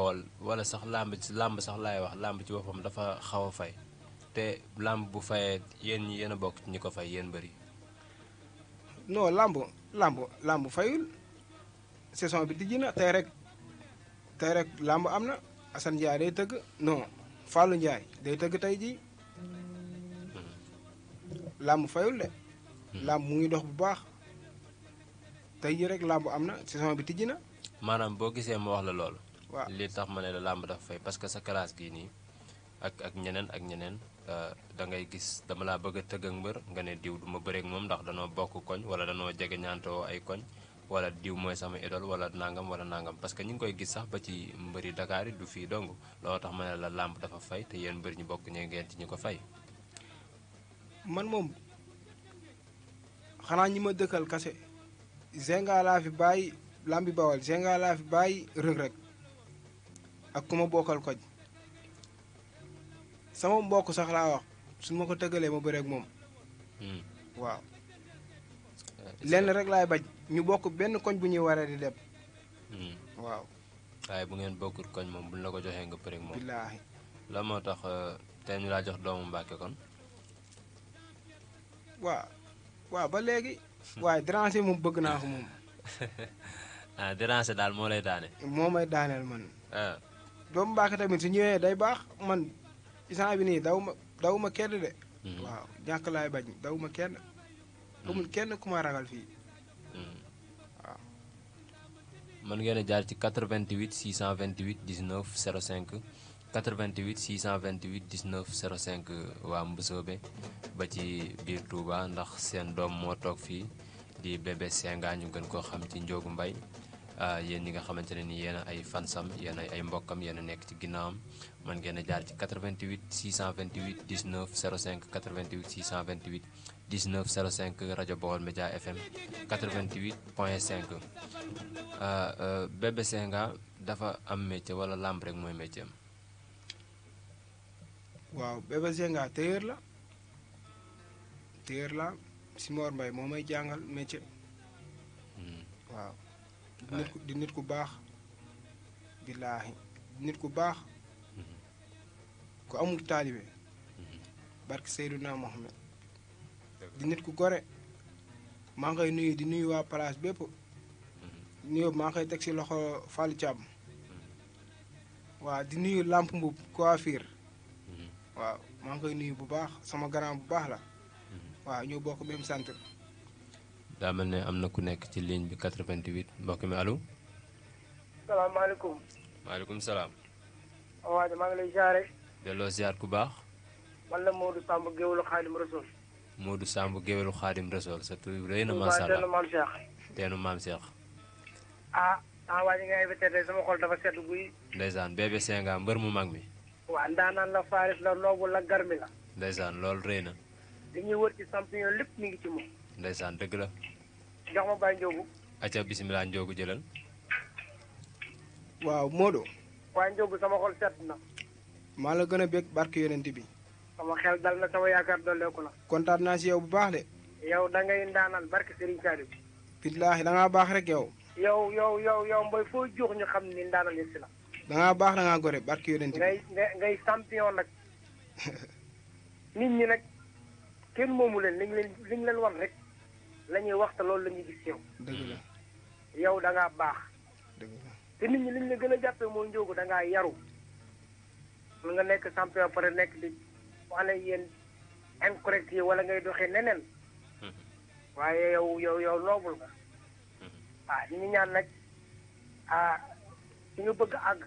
xool wala sax làmb làmb sax laay wax làmb ci boppam dafa xaw a fay te làmb bu fayee yéen ñi yéen a bokk ci ñi ko fay yéen bëri. non làmb làmb làmb fayul saison bi tijji na tey rek rek làmb am na Assane Ndiaye day tëgg non Fallou Ndiaye day tëgg tey jii hmm. làmb fayul de. Hmm. làmb mu ngi dox bu baax tey jii rek làmb am na saison bi tijji na. maanaam boo gisee ma wax la loolu. waaw li tax ma ne la làmb dafa fay parce que sa kalaas gii nii ak ak ñeneen ak ñeneen euh, dangay gis dama laa bëgg a tëgg ak mbër nga ne diw du ma bëreek moom ndax danoo bokk koñ wala danoo jege ñaantoo ay koñ wala diw mooy sama idol wala nangam wala nangam parce que ñu ngi koy gis sax ba ci mbëri Dakar yi du fii dong loo tax ma ne la làmb dafa fay te yéen mbër ñu bokk ñe ngeen ci ñu ko fay. man moom xanaa ñi ma dëkkal kase Zenga laa fi bàyyi Lambi Bawal Zenga fi bàyyi Reug Reug ak ku ma bokkal koj sama mbokk sax laa wax su ma ko tëggalee ma bëreeg moom. Hmm. waaw. Eh, lenn rek laay baj ñu bokk benn koñ bu ñuy waree di dem. Hmm. waaw. waaye bu ngeen bokkul koñ moom buñ la ko joxee nga bëreeg moom. la moo tax eh, te ñu laa jox doomu Mbàkke kon. waaw waaw ba léegi. waaye déranger moom bëgg naa ko moom. Ah, daal moo lay daane. moo may daaneel man. Ah. doomu mbaaka tamit su ñëwee day baax man isaan bi nii daw ma daw ma kenn de. Mm-hmm. waaw ñàkk laay bañ daw ma kenn. amul kenn ku ma ragal fii. Mm-hmm. waaw. mën ngeen a jaar ci 88 628 19 05 88 628 19 05 waa Mbusoobe ba ci biir Touba ndax seen doom moo toog fii di bébé Senga ñu gën koo xam ci Njoogu Mbay Euh, yéen ñi nga xamante ne ni yéen ay fansam yéen ay mbokkam yéen a nekk ci ginnaawam man ngeen a jaar ci 88 628 vingt 05 88 628 19 05 rajo Baol Média FM 88 point 5 euh, euh, Bébé Senga dafa am métier wala làmb rek mooy métier am. waaw Bébé Senga téyër la téyër la Simor Mbaye moo may jàngal métier. Hmm. waaw. nit ku di nit ku baax billaahi nit ku baax ku amul taalibe barke Seydunaa Muhammad di nit ku gore maa ngay nuyu di nuyu waa palaas bépp nuyoo maa ngay teg ci loxo Fallou Thiam waaw di nuyu làmp mbub coiffure waaw maa ngay nuyu bu baax sama grand bu baax la waaw ñoo bokk même centre daa ne am na ku nekk ci ligne bi 88 mbokk mi allo. salaamaaleykum. maaleykum salaam. waaw maa ngi lay ziare. delloo ziar ku baax. man la Modou Samb Géwélu Xaadim Rasool. Modou Samb Géwélu Xaadim Rasool sa tur rëy na macha teenu maam Cheikh. teenu maam Cheikh. ah ah waa nga invité tey sama xol dafa sedd buy. ndeysaan bébé Senga mbër mu mag mi. waa ndaanaan la Faris la Noobu la Garmi la. ndeysaan loolu rëy na. li wër ci champion lépp mi ngi ci moom. ndeysaan dëgg la. jox ma Baye Ndiogou. acca bisimilah Ndiogou jëlal. waaw Modou. waaye Ndiogou sama xol set na. maa la gën a bég barke yonent bi. sama xel dal na sama yaakaar dolleeku na. kontaan naa si yow bu baax de. yow da ngay ndaanal barke Serigne Saliou. billaahi da ngaa baax rek yow. yow yow yow yow Mboy foo jox ñu xam ni ndaanal yëg si la. da baax da ngaa gore barke yonent bi. ngay ngay champion nag. nit ñi nag kenn moomu leen li leen li ñu leen wan rek. la ñuy wax te loolu la ñuy gis yow. dëgg la yow da baax. dëgg te nit ñi liñ la gën a jàppee mooy njóogu da ngaa yaru. mun nga nekk champion pare nekk di wax yéen incorrect yi wala ngay doxee neneen. Mm-hmm. waaye yow yow yow noobul nga. ah ñu ñaan nag a ah, fi nga bëgg a àgg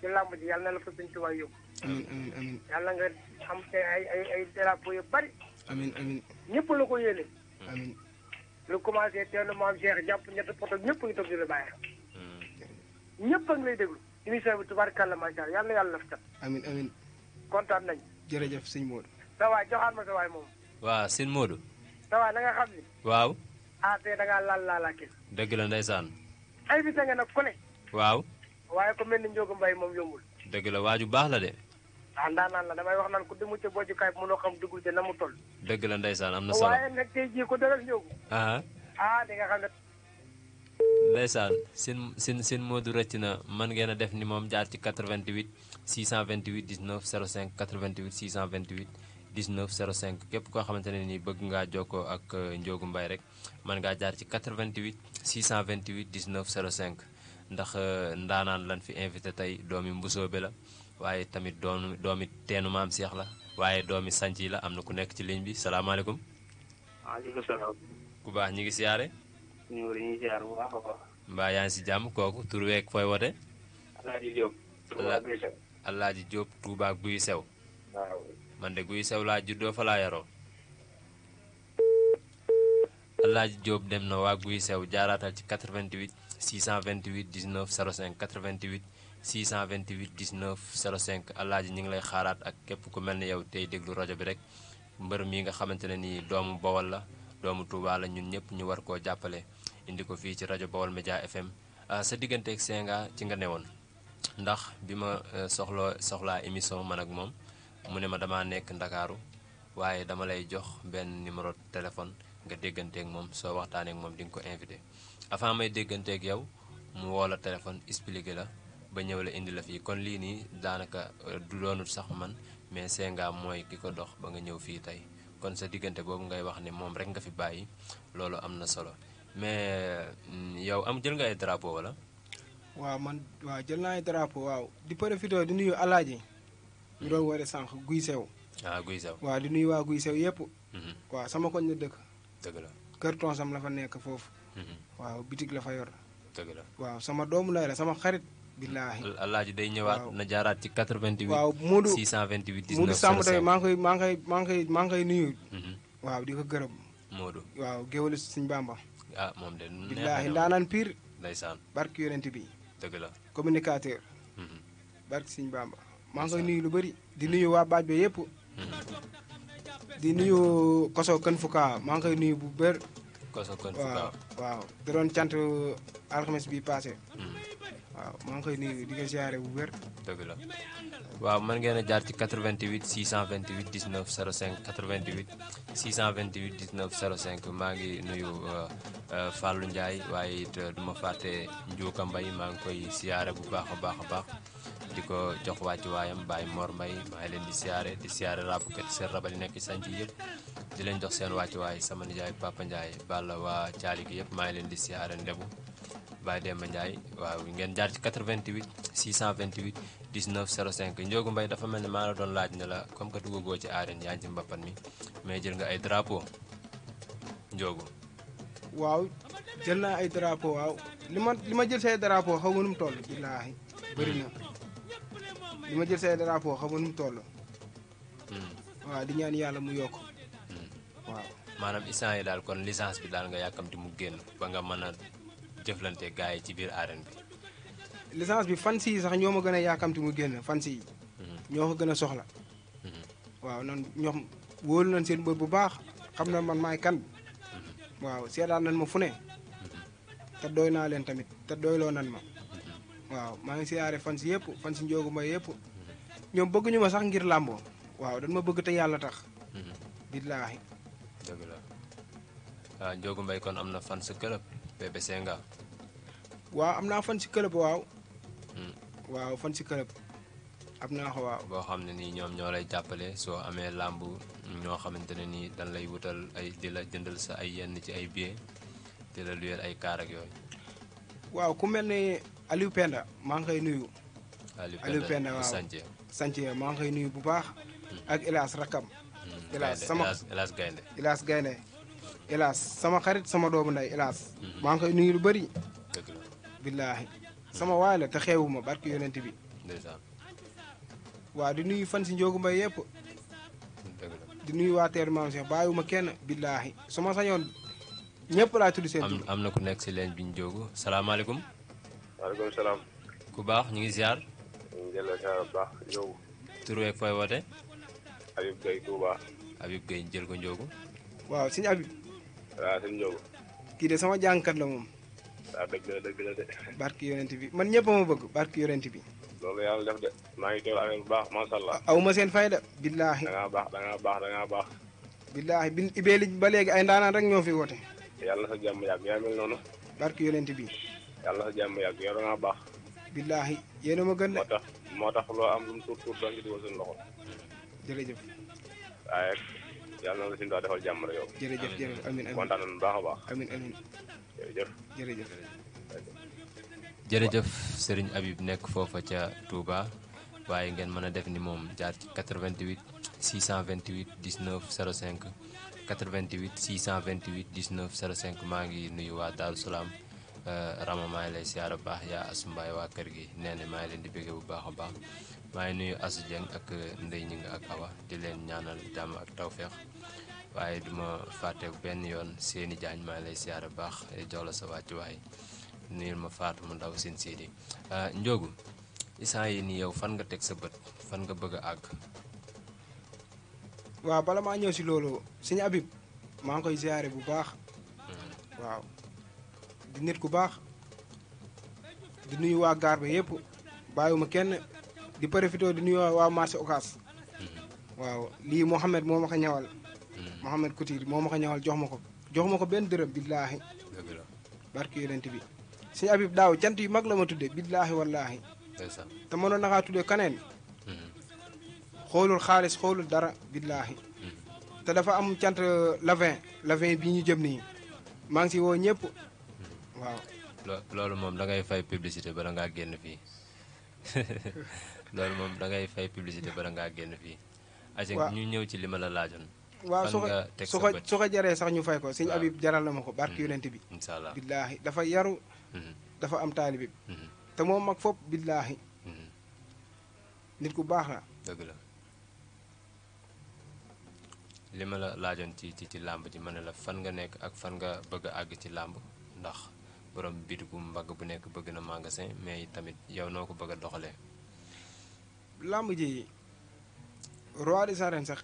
ci làmb ji yàlla na la fa suñ tubaab yóbbu. amiin amiin nga am ay ay ay drapeau bari. amiin la ko yéene. amiin lu commencé teelu maam Cheikh jàpp ñetti poto ñëpp a ngi toog di la bàyyi. Hmm. ñëpp a ngi lay déglu. émission bi tubaarkàlla macha allah yàlla yàlla def cat. amiin amiin. kontaan nañu. jërëjëf sëñ Modou. sa waay joxaat ma sa waay moom. waa sëñ Modou. sa waay nga xam ni. waaw. ah tey da ngaa laal laalaakil. dëgg la ndeysaan. ay bi sa nga nag ku ne. waaw. waaye ko mel ni Ndiogu Mbaye moom yombul. dëgg la waaju baax la de. ndax ndaanaan la damay wax am na solo waaye nag tey jii seen seen seen moodu rëcc na mën ngeen a def ni moom jaar ci 88 628 19 05 88 628 19 05 képp koo xamante ne nii bëgg ngaa jokkoo ak euh, Ndiogou Mbaye rek mën ngaa jaar ci 88 628 19 05 ndax euh, ndaanaan lan fi invité tey doomi mbusoo bi la. waaye tamit doom doomi teenu maam Cheikh la waaye doomi sanc yi la am na ku nekk ci ligne bi salaamaaleykum. waaleykum ku baax ñi ngi siyaare. ñu ngi siyaare bu baax si jàmm kooku tur weeg fooy wote. Alaaji Diop. Alaaji Diop Guy Sew. waaw. man de Guy Sew laa juddoo fa laa yaroo. Alaaji Diop dem na waa Guy Sew jaaraatal ci 88. vingt 628 19 05 88 628 19 05 alaaji ñu ngi lay xaaraat ak képp ku mel ni yow tey déglu rajo bi rek mbër mi nga xamante ne nii doomu Bawol la doomu Touba la ñun ñëpp ñu war koo jàppale indi ko fii ci rajo Bawol Média FM ah, sa diggante ak Senga ci nga ne woon ndax bi ma soxloo eh, soxlaa émission man ak moom mu ne ma damaa nekk Ndakaaru waaye dama lay jox benn numéro téléphone nga dégganteeg moom soo waxtaanee moom di nga ko invité avant may dégganteeg yow mu woo la téléphone expliqué la ba ñëw la indi la fii kon lii nii daanaka euh, du doonul sax man mais Senga mooy ki ko dox ba nga ñëw fii tey kon sa diggante boobu ngay wax ni moom rek nga fi bàyyi loolu am na solo mais euh, yow am jël nga ay drapeau wala. waaw man waaw jël naa ay drapeau waaw di profité di nuyu alaaji hmm. ñu doon ware sànq guy sew. ah guy sew waaw di nuyu waa guy sew yëpp. Hmm. dëgg la kër tonsam la fa nekk foofu. Mm-hmm. waaw bitig la fa yor. dëgg la waaw sama doomu lay la sama xarit. billaahi alaaji day ñëwaat na jaaraat ci 88. waaw Moodu 628 19 Moodu Samb tamit maa ngi koy maa ngi koy maa ngi koy nuyu. Mm-hmm. waaw di ko gërëm. Moodu waaw géwélu Sëñ Bàmba. ah moom de billaahi ndaanaan pire. ndeysaan barke yonent bi. dëgg la communicateur. Mm-hmm. barke Sëñ Bàmba. maa ngi koy nuyu lu bari di nuyu waa baaj ba yëpp. di nuyu Koso Kën Fuka maa ngi koy nuyu bu bër Koso Kën Fuka waaw da doon cant alxames bi passé. Hmm. waaw maa ngi koy nuyu di ko ziare bu vingt dëgg la waaw mën ngeen a jaar ci 88 628 19 05 88 628 19 05 maa ngi nuyu euh, euh, Fallou Ndiaye waaye it euh, du ma fàtte Ndiouka Mbaye maa ngi koy siyaare bu baax a baax a baax. di ko jox wàccu waayam Baye Mor Mbaye maa leen di siyaare di siyaare rabkat seen rabal yi nekk ci sanc yëpp di leen jox seen wàccu waay sama nijaay Papa Ndiaye Balla waa caali gi waaw ngeen jaar dafa mel ne maa la doon laaj ne la comme que duggagoo ci arène yaa ngi ci mbappat mi mais jël nga ay drapeau Ndiogou waaw jël naa ay drapeau waaw li ma li ma jël say drapeau xaw ma nu mu billaahi bëri na li ma jël say drapeau xamoon mu toll. Hmm. waaw di ñaan yàlla mu yokk. Hmm. waaw maanaam instant yi daal kon licence bi daal nga yàkkamti mu génn ba nga mën a jëflante gars yi ci biir arène bi. licence bi fan si sax ñoo ma gën a yàkkamti mu génn fan si hmm. ñoo ko gën a soxla. waaw noonu ñoom wóolu nañ seen mbër bu baax xam na man maay kan. waaw seetaan nañ ma fu ne. te doy naa leen tamit te doyloo nañ ma. waaw maa ngi siyaare fan si yëpp fan si njoogu ma yëpp ñoom bëgguñu ma sax ngir làmboo waaw dañ ma bëgg te yàlla tax mhm. billaahi dëgg la waaw ah, Ndiogou kon am na fan si club bébé Senga waaw am naa fan si club waaw hmm. waaw fan si club am naa ko boo xam ne nii ñoom ñoo lay jàppale soo amee làmb ñoo xamante ne nii dañ lay wutal ay di la jëndal sa ay yenn ci ay billets di la luyeel ay kaar ak yooyu waaw ku mel ne Aliou Penda maa ngi koy nuyu. Aliou Penda waaw maa ngi koy nuyu bu baax. Hmm. ak Elas Rakam. Hmm, Elas sama Elas Gaynde Elas Gaynde Elas sama xarit sama doomu nday Elas. Hmm. maa ngi koy nuyu lu bari dëgg billaahi sama waay la te xeewuma barki yonent bi. waaw di nuyu fan si Ndiogu Mbaye yépp di nuyu waa teer maam Cheikh bàyyiwuma kenn billaahi su ma sañoon ñëpp laa tudd seen. am na ku nekk si leen bi ñu jógu salaamaaleykum. waaleykum salaam. ku baax ñu ngi ziar. ñu ngi jël ziar bu baax yow. tur beeg fooy woote. Habib Gueye Touba. Habib Gueye jël ko Ndiogu. waaw sëñ Habib. waaw sëñ Ndiogu. kii de sama jàngkat la moom. waaw dëgg la dëgg bi man ñëpp ma bëgg barki yonent bi. loolu yàlla def de maa ngi teewlu affaire bu baax macha allah. aw ma seen fayda. billaahi da ngaa baax da ngaa baax da ngaa baax. billaahi bi ba léegi ay ndaanaan rek ñoo fi woote. yàlla na sa jàmm yàgg yaa mel noonu. barki yonent bi. yàlla na jàmm yàgg yor naa baax. billaahi yéen ma gën de. moo tax loo am lu mu tuur tuur doon ci dugal suñu loxo. jërëjëf. waaye yàlla na la si ndax defal jàmm rek jërëjëf jërëjëf amiin amiin nekk foofa ca Touba waaye ngeen mën a def ni moom jaar ci 88 628 19 05 88 628 19 05 maa ngi nuyu waa Daaru Salaam. Euh, Rama maa ngi lay siyaar baax yaa Asu Mbaay waa kër gi nee na maa ngi leen di bëgg bu baax a baax maa ngi nuyu Asu Jeen ak euh, Ndey ñi ak Awa di leen ñaanal jàmm ak tawféex waaye duma fàtte benn yoon seeni jaañ maa lay siyaar bu baax eh, jox la sa wàccuwaay nuyu ma faat mu ndaw seen siidi euh, njóogu issan yi ni yow fan nga teg sa bët fan nga bëgg a àgg waaw bala maa ñëw si loolu sëñ Abib maa koy ziyaare bu baax hmm. waaw nit ku baax di nuyu waa gaar yépp yëpp bàyyiwuma kenn di profité di nuyu waa marché okaas mm-hmm. waaw lii Mouhamed moo ma a ñawal mm-hmm. Mouhamed Couture moo ma a ñawal jox ma ko jox ma ko benn dërëm billaahi barki yonent bi suñu abib daaw cant yu mag la ma tudde billaahi wallaahi te mënoon na kaa tudde kaneen mm-hmm. xoolul xaalis xoolul dara billaahi te dafa am cant la euh, lavin la bi ñu jëm nii maa ngi si woo ñëpp waaw loolu moom da ngay fay publicité bala ngaa génn fii loolu moom da ngay fay publicité bala ngaa génn fii. waaw ñu ñëw ci li ma la laajoon. waaw su ko su ko su ko jaree sax ñu fay ko sëñ Habib jaral na ma ko barki mhm. yonent bi. incha allah billaahi dafa yaru. Mhm. dafa am taalibi. Mhm. te moom mag fopp billaahi. nit ku baax la. dëgg la li ma laajoon ci ci ci làmb ji ma ne la fan nga nekk ak fan nga bëgg àgg ci làmb ndax. borom bitigu mbagg bu nekk bëgg na magasin mais tamit yow noo ko bëgg a doxalee. làmb ji roi des arènes sax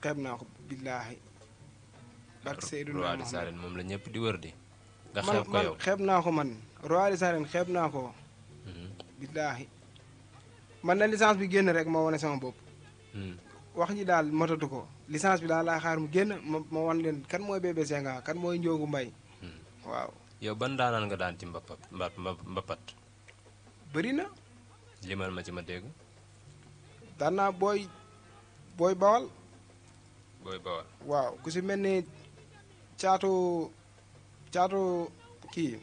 xeeb naa ko billaahi. barke Seydou roi des arènes moom la ñëpp di wër di. nga xeeb ko yow man xeeb naa ko man roi des arènes xeeb naa ko. Mhm. billaahi man na licence bi génn rek ma wane sama bopp. Hmm. wax ñi daal matatu ko licence bi daal laa xaar mu génn ma ma wan leen kan mooy bébé Senga kan mooy Njoogu Mbay hmm. waaw yow ban daanaan nga daan ci mbapat mbapat bëri na limal ma ci ma dégg daan naa booy booy bawal waaw ku si mel ni caatu caatu kii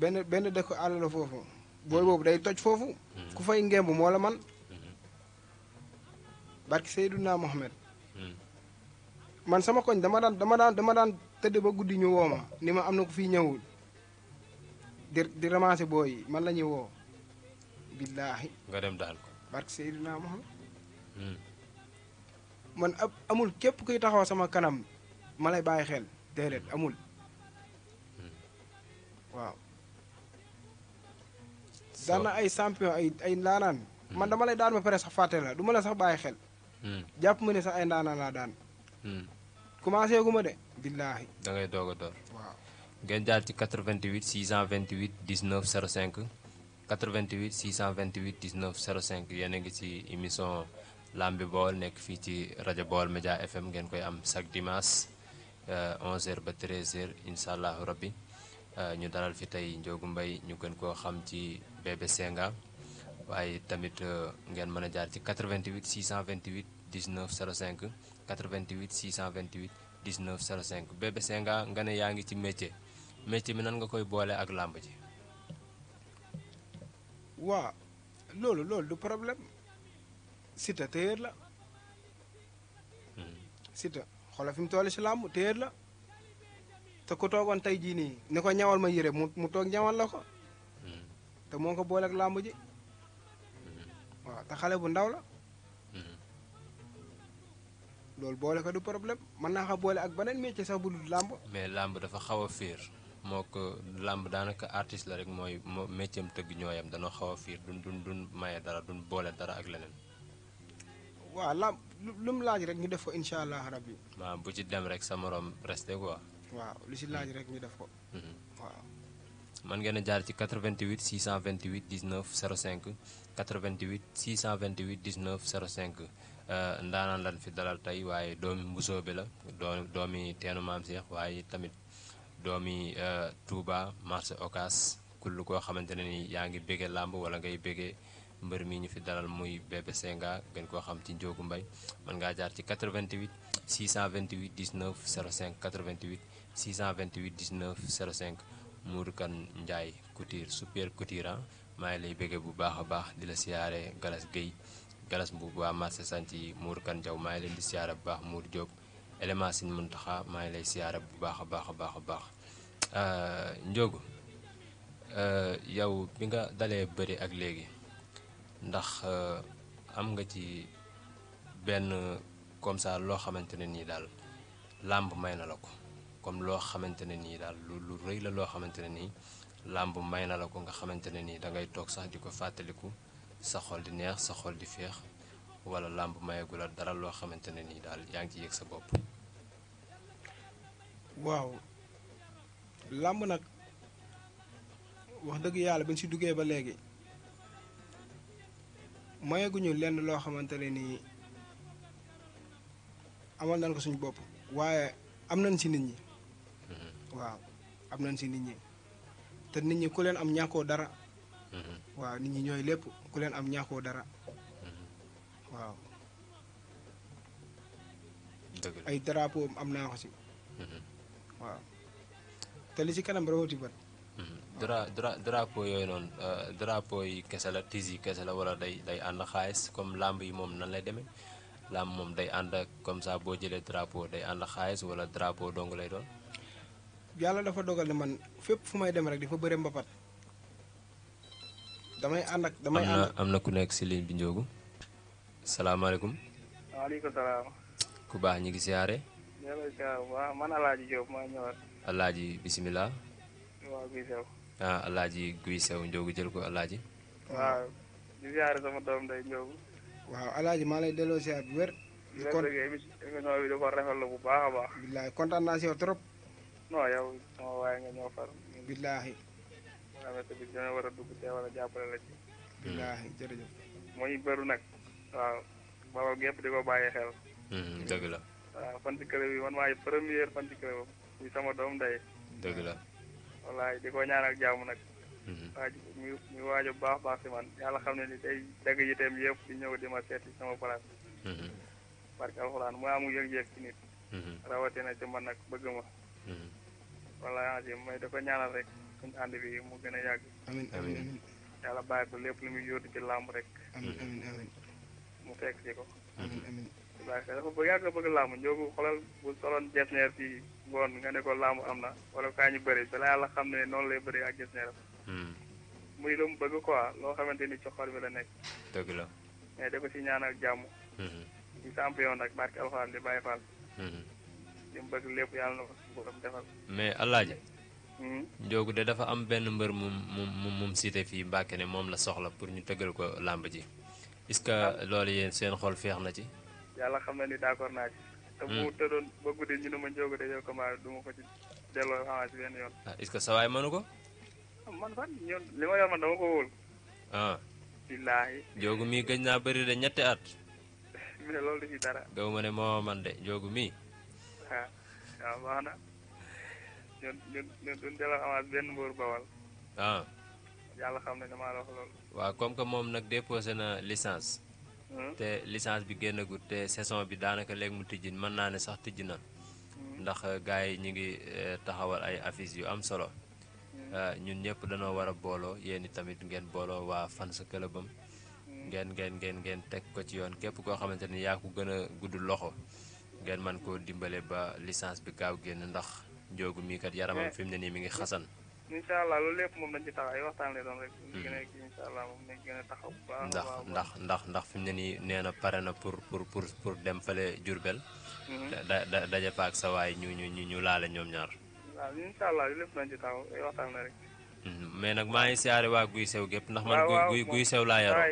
benn benn dëkk àll la foofu booy hmm. boobu day toj foofu hmm. ku fay ngemb moo la man hmm. barki Seydunaa Mohamed man sama koñ dama daan dama daan tëdd ba guddi ñu ma ni ma am na ko fii ñëwul di di booy man la ñuy woo. billaahi nga dem daan ko. barke Seydina Muhammad hmm. man ab amul képp kuy taxaw sama kanam ma lay bàyyi xel déedéet amul. Hmm. waaw. daan ay champion ay ay ndaanaan. Hmm. man dama lay daan ba pare sax fàtte la du ma la sax bàyyi xel. jàpp ma ne sax ay ndaanaan laa daan. commencé gu ma de. billaahi da ngay doog a door waaw ngeen jaar ci 88 628 vingt 05 88 628 19 05 yéen a ngi ci émission Lambi Baol nekk fii ci rajo Baol Média FM ngeen koy am chaque dimanche 11h euh, ba 13h incha allahu rabbi euh, ñu dalal fi tey Ndiogou mbay ñu gën koo xam ci Bébé Senga waaye tamit euh, ngeen mën a jaar ci 88 628 19 05 88 628. 19 05 Bébé Senga nga ne yaa ngi ci métier métier mi nan nga koy boole ak làmb ji. waa loolu loolu du problème Siteu téyeer la. Hmm. Siteu xoolal fi mu toll si làmb téyeer la te ku toogoon tey jii nii ne ko ñawal ma yére mu mu toog ñawal la ko. Hmm. te moo ko boole ak làmb ji. Hmm. waaw te xale bu ndaw la. loolu boole ko du problème mën naa ko boole ak beneen métier sax bu dul làmb. mais làmb dafa xaw a fiir moo ko làmb daanaka artiste la rek mooy moo métier am tëgg ñooyam danoo xaw a fiir duñ duñ duñ maye dara duñ boole dara ak leneen. waaw làmb lu mu laaj rek ñu def ko incha allah rabbi. waaw bu ci dem rek sa moroom resté quoi. waaw lu ci laaj rek ñu def ko. Mhm. waaw. man ngeen a jaar ci vingt 88 628 19 05 88 628 19 05. Euh, ndaanaan lan fi dalal tey waaye doomi mbusoo bi la doo doomi teenu maam Cheikh waaye tamit doomi euh, Touba marché Ocass kullu koo xamante ne ni yaa ngi bége làmb wala ngay bége mbër mi ñu fi dalal muy Bébé Senga gën koo xam ci Njoogu Mbay mën ngaa jaar ci 88 628 19 05 88 628 19 05 Mourou Kane Ndiaye Couture super couture ah maa ngi lay bége bu baax a baax di la siyaare Galas Guèye galas mbuub waa marché santi yi muur kan jaw maa ngi leen di siyaara bu baax muur Diop élément sin muntaxa maa ngi lay siyaara bu baax a baax a baax a baax euh, euh, yow bi nga dalee bëri ak léegi ndax euh, am nga ci benn comme ça loo xamante ne nii daal làmb may na la ko comme loo xamante ne nii daal lu lu rëy la loo xamante ne nii làmb may na la ko nga xamante ne nii da ngay toog sax di ko fàttaliku sa xol di neex sa xol di feex wala làmb mayeegu la dara loo xamante ne nii daal yaa ngi ci yëg sa bopp. waaw làmb nag wax dëgg yàlla bañ si duggee ba léegi mayeeguñu lenn loo xamante ne nii amal nañ ko suñu bopp waaye am nañ si nit ñi. Mm-hmm. waaw am nañ si nit ñi te nit ñi ku leen am ñàkkoo dara. Mm-hmm. waaw nit ñi ñooy lépp ku leen am ñaaxoo dara mm-hmm. waaw ay drapeau am naa ko si mm-hmm. waaw te li si kanam rawati bat mm-hmm. dra dra yooyu noonu euh, drapeau yi kese la tis yi kese la wala day day ànd xaalis comme làmb yi moom nan lay demee làmb moom day ànd ak comme ça boo jëlee drapeau day ànd xaalis wala drapo dong lay doon yàlla dafa dogal ne man fépp fu may dem rek di dafa bëre mbapat damay ànd ak damay ànd am na ku nekk si ligne bi Ndiogou. salaamaaleykum. waaleykum salaam. ku baax ñu ngi siyaare. waaw man Alaaji Diop maa ñëwaat. Alaaji bisimilah. waaw guy sew. ah Alaaji guy sew Ndiogou jël ko Alaaji. waaw di siyaare sama doom day Ndiogou. waaw Alaaji maa lay delloo siyaar bu wér. di kon émission bi di ko rafetlu bu baax a baax. bilaay kontaan naa si yow trop. non yow sama waaye nga ñëw far. bilaay. xamante ni dina war a dugg te war a jàppale la ci. billaahi jërëjëf. bëru nag. waaw bawal gépp di ko bàyyi hmm, dëgg la. waaw fan bi man maay première fan si club sama doom day. dëgg la. wallaay di ko ñaanal jàmm nag. Hmm. waaj muy baax baax si man yàlla xam ne ni tey dagg yiteem yëpp di ñëw di ma seeti sama place. Hmm. barke alxuraan mu amu yëg-yëg nit. rawatina ci man nag bëgg ma. wallaay may da ko ñaanal rek. suñu ànd mu gën a yàgg. amiin amiin amiin. yàlla bàyyi ko lépp lu muy yóotu ci làmb rek. amiin amiin amiin. mu fekk ci ko. amiin amiin. bàyyi ko bëgg yàgg bëgg làmb njoogu xoolal bu soloon jesneer fii ngoon nga ne làmb am na wala kaa ñu bëri balaa yàlla xam ne noonu lay bëri ak jesneer hmm. muy lu mu bëgg quoi loo xamante ni ci xol bi la nekk. dëgg la. mais da ko si ñaanal jàmm. Hmm. di champion nag barke alxuraan di bàyyi faal. Hmm. li mu bëgg lépp yàlla na ko suñu borom defal. mais alaaji. Hmm. njoogu de dafa am benn mbër mu mu mu cité fii Mbàkke ne moom la soxla pour ñu tëggal ko làmb ji est-ce que ah. loolu yéen seen xol feex na ci. yàlla xam na ni d'accord naa ci. te bu hmm. tëddoon ma njoogu de yow comment ko ci delloo xamaa ci ce que sa waay ko. Ah, man fan ñun li ma yor man dama ko wóol. ah. billaahi. njoogu mii gëj naa bëri de ñetti at. mi ne loolu du ci dara. ma ne moo man de njoogu mii. Ah, du du delloo yàlla xam ne damaa la wax loolu. waaw comme que moom nag déposé na licence. Hmm? te licence bi génnagul te saison bi daanaka léegi mu tijji mën naa ne sax tijji na. Hmm. ndax euh, gars yi ñu ngi euh, taxawal ay affiches yu am solo. Hmm. Euh, ñun ñëpp danoo war a booloo yéen tamit ngeen booloo waa fans clubam. ngeen ngeen ngeen ngeen teg ko ci yoon képp koo xamante ni yaa ko gën a gudd loxo. ngeen man koo dimbale ba licence bi gaaw génn ndax njoogu mii kat yaramam eh. fi mu ne nii mu ngi xasan. incha allah loolu lépp moom dañ tax ay waxtaan lay doon rek. Hmm. gën a incha allah moom ndax ndax ndax fi mu ne nii nee na pare na pour pour pour pour dem fële Jurbel. Hmm. da da daje fa ak sa waay ñu ñu ñu laale ñoom ñaar. Hmm. mais nag maa ngi siyaare waa guy sew gépp ndax man. guy guy sew laa yaroo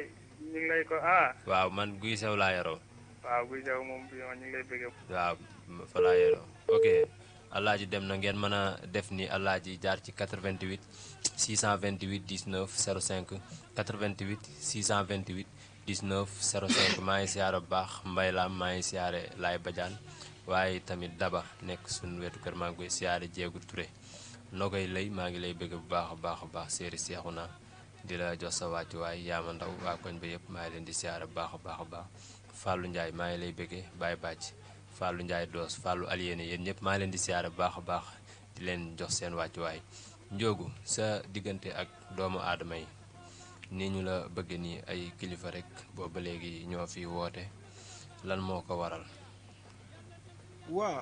ñu ah. waaw man guy sew laa yaroo. waaw guy sew moom bi ñu ngi lay bëgg. waaw fa laa yaroo alaaji dem na ngeen mën a def ni alaaji jaar ci vingt sero 88 628 19 05 88 628 19 05 maa ngi siyaare bu baax mbay laam maa ngi siyaare laay bajaan waaye tamit daba nekk suñu wetu kër maa ngi koy siyaare jeegu Touré nogoy lay maa ngi lay bëgg bu baax a baax a baax séeri seexu naa di la jox sa wàccu waay yaama ndaw waa koñ ba yëpp maa ngi leen di siyaare bu baax a baax a baax Fallou Ndiaye maa ngi lay bëggee bàyyi bàcc Fallou Ndiaye Doos Fallou Aliéné yéen ñëpp maa leen di siyaare bu baax a baax di leen jox seen wàccuwaay njóogu sa diggante ak doomu aadama yi ni ñu la bëgg nii ay kilifa rek booba léegi ñoo fi woote lan moo ko waral. waa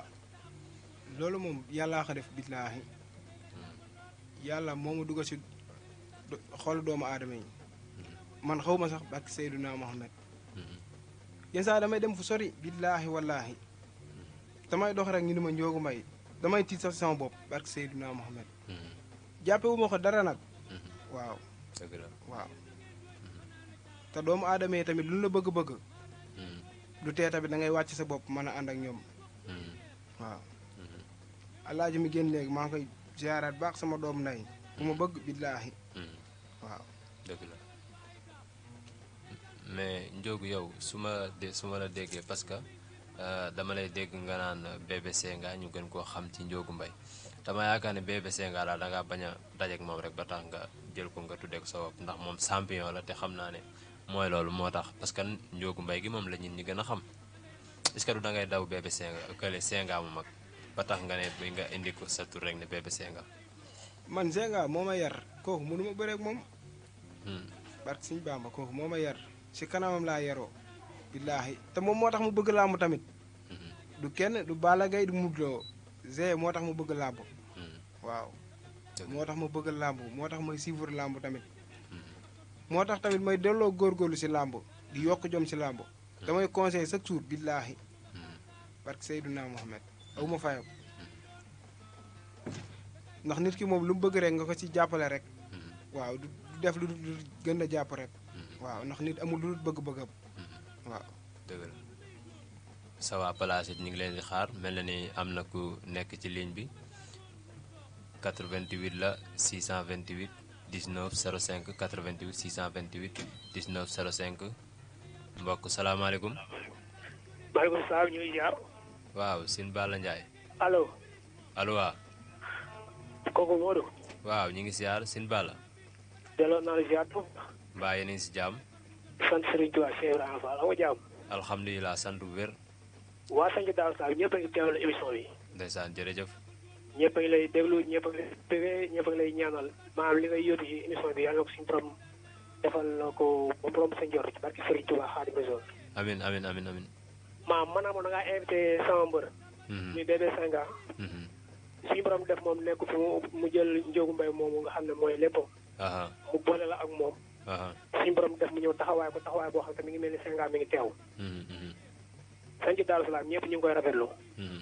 loolu moom yàlla ko def billaahi hmm. yàlla moo ma dugal si xool doomu aadama yi hmm. man xawma sax bak Seydunaa Muhammad hmm. yenn saa damay dem fu sori billaahi wallaahi damay dox rek ñu ni ma Ndiogou Mbaye damay tiit sax sama bopp barke Seydina Mohamed. Mm-hmm. jàppe wu ko dara nag. Mm-hmm. waaw. dëgg la waaw. te doomu aadama yi tamit lu la bëgg-bëgg. lu mm-hmm. tee tamit da ngay wàcc sa bopp mën a ànd ak ñoom. waaw. alaaji mi génn léegi maa ngi koy ziaraat baax sama doom nay bu ma bëgg billaahi. la mais Ndiogou yow su ma de su ma la déggee parce que. Euh, dama lay dégg nga naan bébé Senga ñu gën koo xam ci Ndiogou mbay dama yaakaar ne bébé Senga daal da ngaa a dajeek moom rek ba tax nga jël ko nga tuddee ko sa bopp ndax moom champion la te xam naa ne mooy loolu moo tax parce que Ndiogou gi moom la ñun ñi gën a xam est-ce daw bébé Senga kële mu mag ba tax nga ne nga indi ko sa rek ne bébé Senga. man Senga moo ma yar kooku mënu ma bëreek moom. Hmm. barke Sëñ Bamba kooku moo yar si kanamam laa yaroo. billaahi te moom moo tax mu bëgg laamu tamit. du kenn du Balla Gaye du Modou Lo moo tax ma bëgg làmb hmm. waaw moo tax ma bëgg làmb moo tax may suivre làmb tamit hmm. moo tax tamit may delloo góorgóorlu si làmb di yokk jom si làmb hmm. damay conseil chaque jour billaahi barke Seydina Mohamed aw awma fayam ndax nit ki moom lu mu bëgg rek nga ko ci jàppale rek waaw du def lu dul gën a jàpp rek waaw ndax nit amul lu dul bëgg-bëggam waaw sa waa place ñu ngi leen di xaar mel na ni am na ku nekk ci ligne bi 88 la 628 19 05 88 628 19 05 mbokk salaamaaleykum. maaleykum ñu ngi jaar. waaw Sine Balla Ndiaye. allo. allo waaw. kooku ngi si Sine Balla. delloo naa la ziar mbaa yéen si jàmm. sant Serigne Touba Cheikh Ibrahima Fall amoo jàmm. alhamdulilah sant bu wér. waa Sangue Darou Salam ñëpp a ngi teewlu émission bi. ndeysaan jërëjëf. ñëpp a ngi lay déglu ñëpp a ngi lay bégee ñëpp lay ñaanal maanaam li ngay yóotu ci émission bi yàlla na ko ko ba borom sama mbër. Mhm. muy Bébé Sanga. Mhm. suñu borom def moom nekk fi mu jël njóogu mbay moomu nga xam ne mooy léppam. mu boole la ak moom. suñu borom def mu ñëw taxawaay ko taxawaay boo xam ne mi ngi mel ni Sanga mi ngi teew. Mhm, sañ ci Daaru Salaam ñëpp ñu ngi koy rafetlu. Mhm.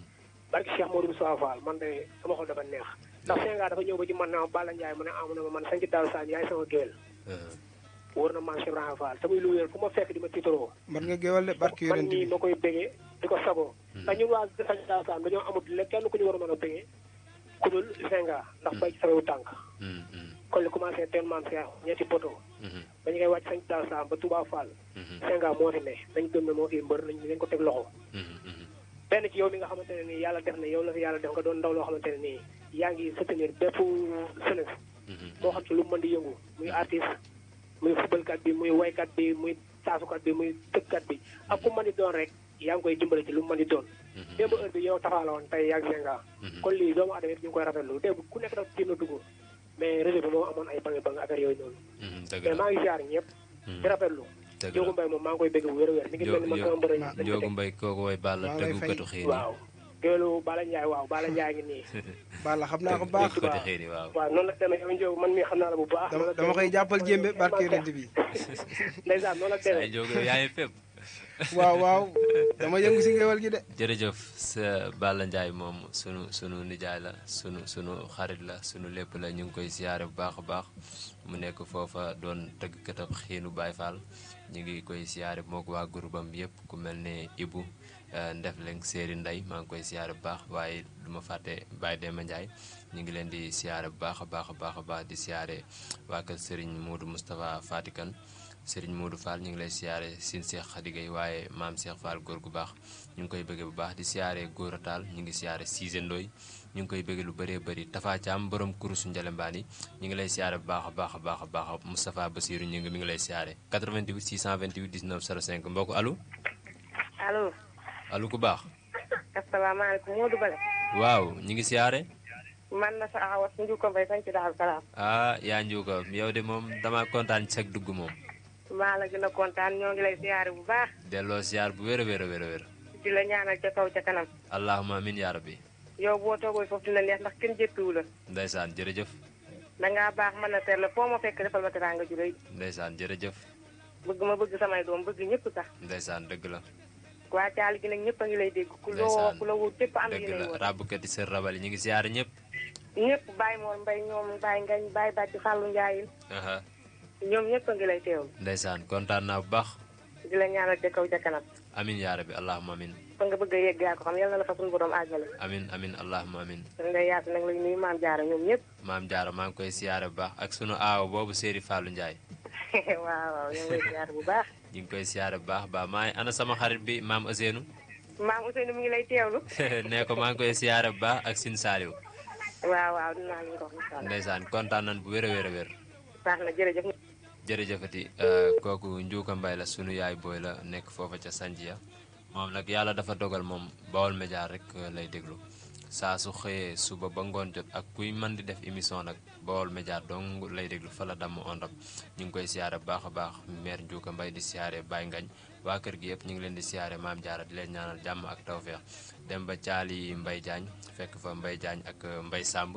barke Cheikh Modou Moussa Fall man de sama xol dafa neex. ndax Senga dafa ñëw ba ci man na ma Balla Ndiaye mu ne ah mu ne man sañ ci Daaru Salaam yaay sama géwél. Mhm. wóor na maam Cheikh Ibrahima ma fekk di ma tiitaroo. man nga géwél de barke yonent bi nii ma koy bégee di ko sagoo. ndax mhm. ñun waa sañ ci Daaru Salaam dañoo amut lenn kenn ku ñu war a mën a bégee ku dul Senga ndax bay ci sama tànk kon lu commencé ten maam Cheikh ñetti poto. ba mhm. ñu koy wàcc sañ Daal Saam ba Touba Fall. Mhm. Senga moo fi ne nañ ne moo fi mbër nañ ko teg loxo. Mhm, benn ci yow mi nga xamante ne nii yàlla def na yow la yàlla def nga doon ndaw loo xamante nii yaa ngi soutenir bépp jeunesse. moo xam ci lu mën di yëngu muy artiste muy footballkat bi muy waykat bi muy taasukat bi muy tëggkat bi ak ku man di doon rek yaa ngi koy dimbale ci lu mën di doon. démb bi yow tafaala woon tey yaa ngi Senga. kon lii doomu aadama it ñu ngi ku nekk dafa tiim na mais réseau bi moo amoon ay bang bang affaire yooyu noonu. Mhm, dëgg mais maa mhm. koy bëgg wér wér. mi ngi mel ni man sama mbër la ngi nii. Balla xam naa ko bu baax tëggukatu xëy na waaw. noonu la demee yow Ndiogou man mii xam naa la bu baax. dama koy jàppal jéembe barke rëdd bi. ndeysaan noonu la waaw waaw dama yëngu si ngéwél gi de. jërëjëf sa Balla Ndiaye moom sunu sunu nijaay la sunu sunu xarit la sunu lépp la ñu ngi koy siyaare bu baax a baax mu nekk foofa doon tëggkatab xiinu baay Fall ñu ngi koy siyaare moo waa groupam yëpp ku mel ne Ibou euh, Ndefleng Séeri Ndey maa ngi koy siyaare bu baax waaye du ma fàtte Baye Demba Ndiaye ñu ngi leen di siyaare bu baax a baax a baax a baax di siyaare waa sëriñ Serigne Modou Moustapha Fatikan Serigne Modou Fall ñu ngi lay siyaare sin Seex Xadi waaye maam Seex Fall góor gu baax ñu ngi koy bëggee bu baax di siyaare góor Taal ñu ngi siyaare Siise Ndooy ñu ngi koy bëggee lu bëree bëri Tafa Caam borom kurusu njalambaan yi ñu ngi lay siyaare bu baax a baax a baax a baax Moustapha Basiru ñu ngi mi ngi lay siyaare 88 628 19 05 mbokk allo allo allo ku baax asalaamaaleykum Modou Bale waaw ñu ngi siyaare man na sa awas njuuko ah, yow de moom dama kontaan ci dugg moom maa la gën a kontaan ñoo ngi lay ziare bu baax. delloo ziar bu wér a wér a wér a wér. di la ñaanal ca kaw ca kanam. allahumma amiin yaa rabbi. yow boo toogoo foofu dina neex ndax kenn jëppiwu la. ndeysaan jërëjëf. da ngaa baax mën na teel la foo ma fekk defal ma teraanga ju rëy. ndeysaan jërëjëf. bëgg ma bëgg samay doom bëgg ñëpp sax. ndeysaan dëgg la. waa caal gi nag ñëpp a ngi lay dégg. ku loo ku la wóor ñëpp am nañu la woon rabbkat yi seen rabal ñu ngi ziare ñëpp. ñëpp Baye Mor Mbaye ñoom Baye Ngañ Baye Bàcc Fallou Ndiaye ñoom ñëpp ngi lay teewlu. ndeysaan kontaan naa bu baax. di la ñaanal ca kaw ca kanam. yaa rabbi allahumma amiin. fa nga bëgg a yegg yaa ko xam yal na fa suñu borom àggale. amiin amiin allahumma amiin. nga yaatu nag la maam jaara ñoom ñëpp. maam jaara maa ngi koy siyaare bu baax ak suñu aaw boobu Serigne Fallou njaay waaw waaw ñu ngi koy siyaare bu baax. ñu ngi koy siyaare bu baax baax maa sama xarit bi maam ko maa ngi koy siyaare bu ak Sine Saliou. waaw kontaan nañ bu wér a wér a wér. baax na jërëjëf. jërëjëfati euh, kooku Njuuka Mbay la sunu yaay booy la nekk foofa ca Sanjia moom nag yàlla dafa dogal moom Baol Média rek euh, lay déglu saa su xëyee suba ba ngoon jot ak kuy mën di def émission nag Baol Média dong lay déglu fa la damm ondam ñu ngi koy siyaare baax a baax maire Njuuka Mbay di siyaare Baay Ngañ waa kër gi yëpp ñu ngi leen di siyaare maam jaara di leen ñaanal jàmm ak tawféex dem ba caali mbay jaañ fekk fa mbay jaañ ak euh, mbay sàmb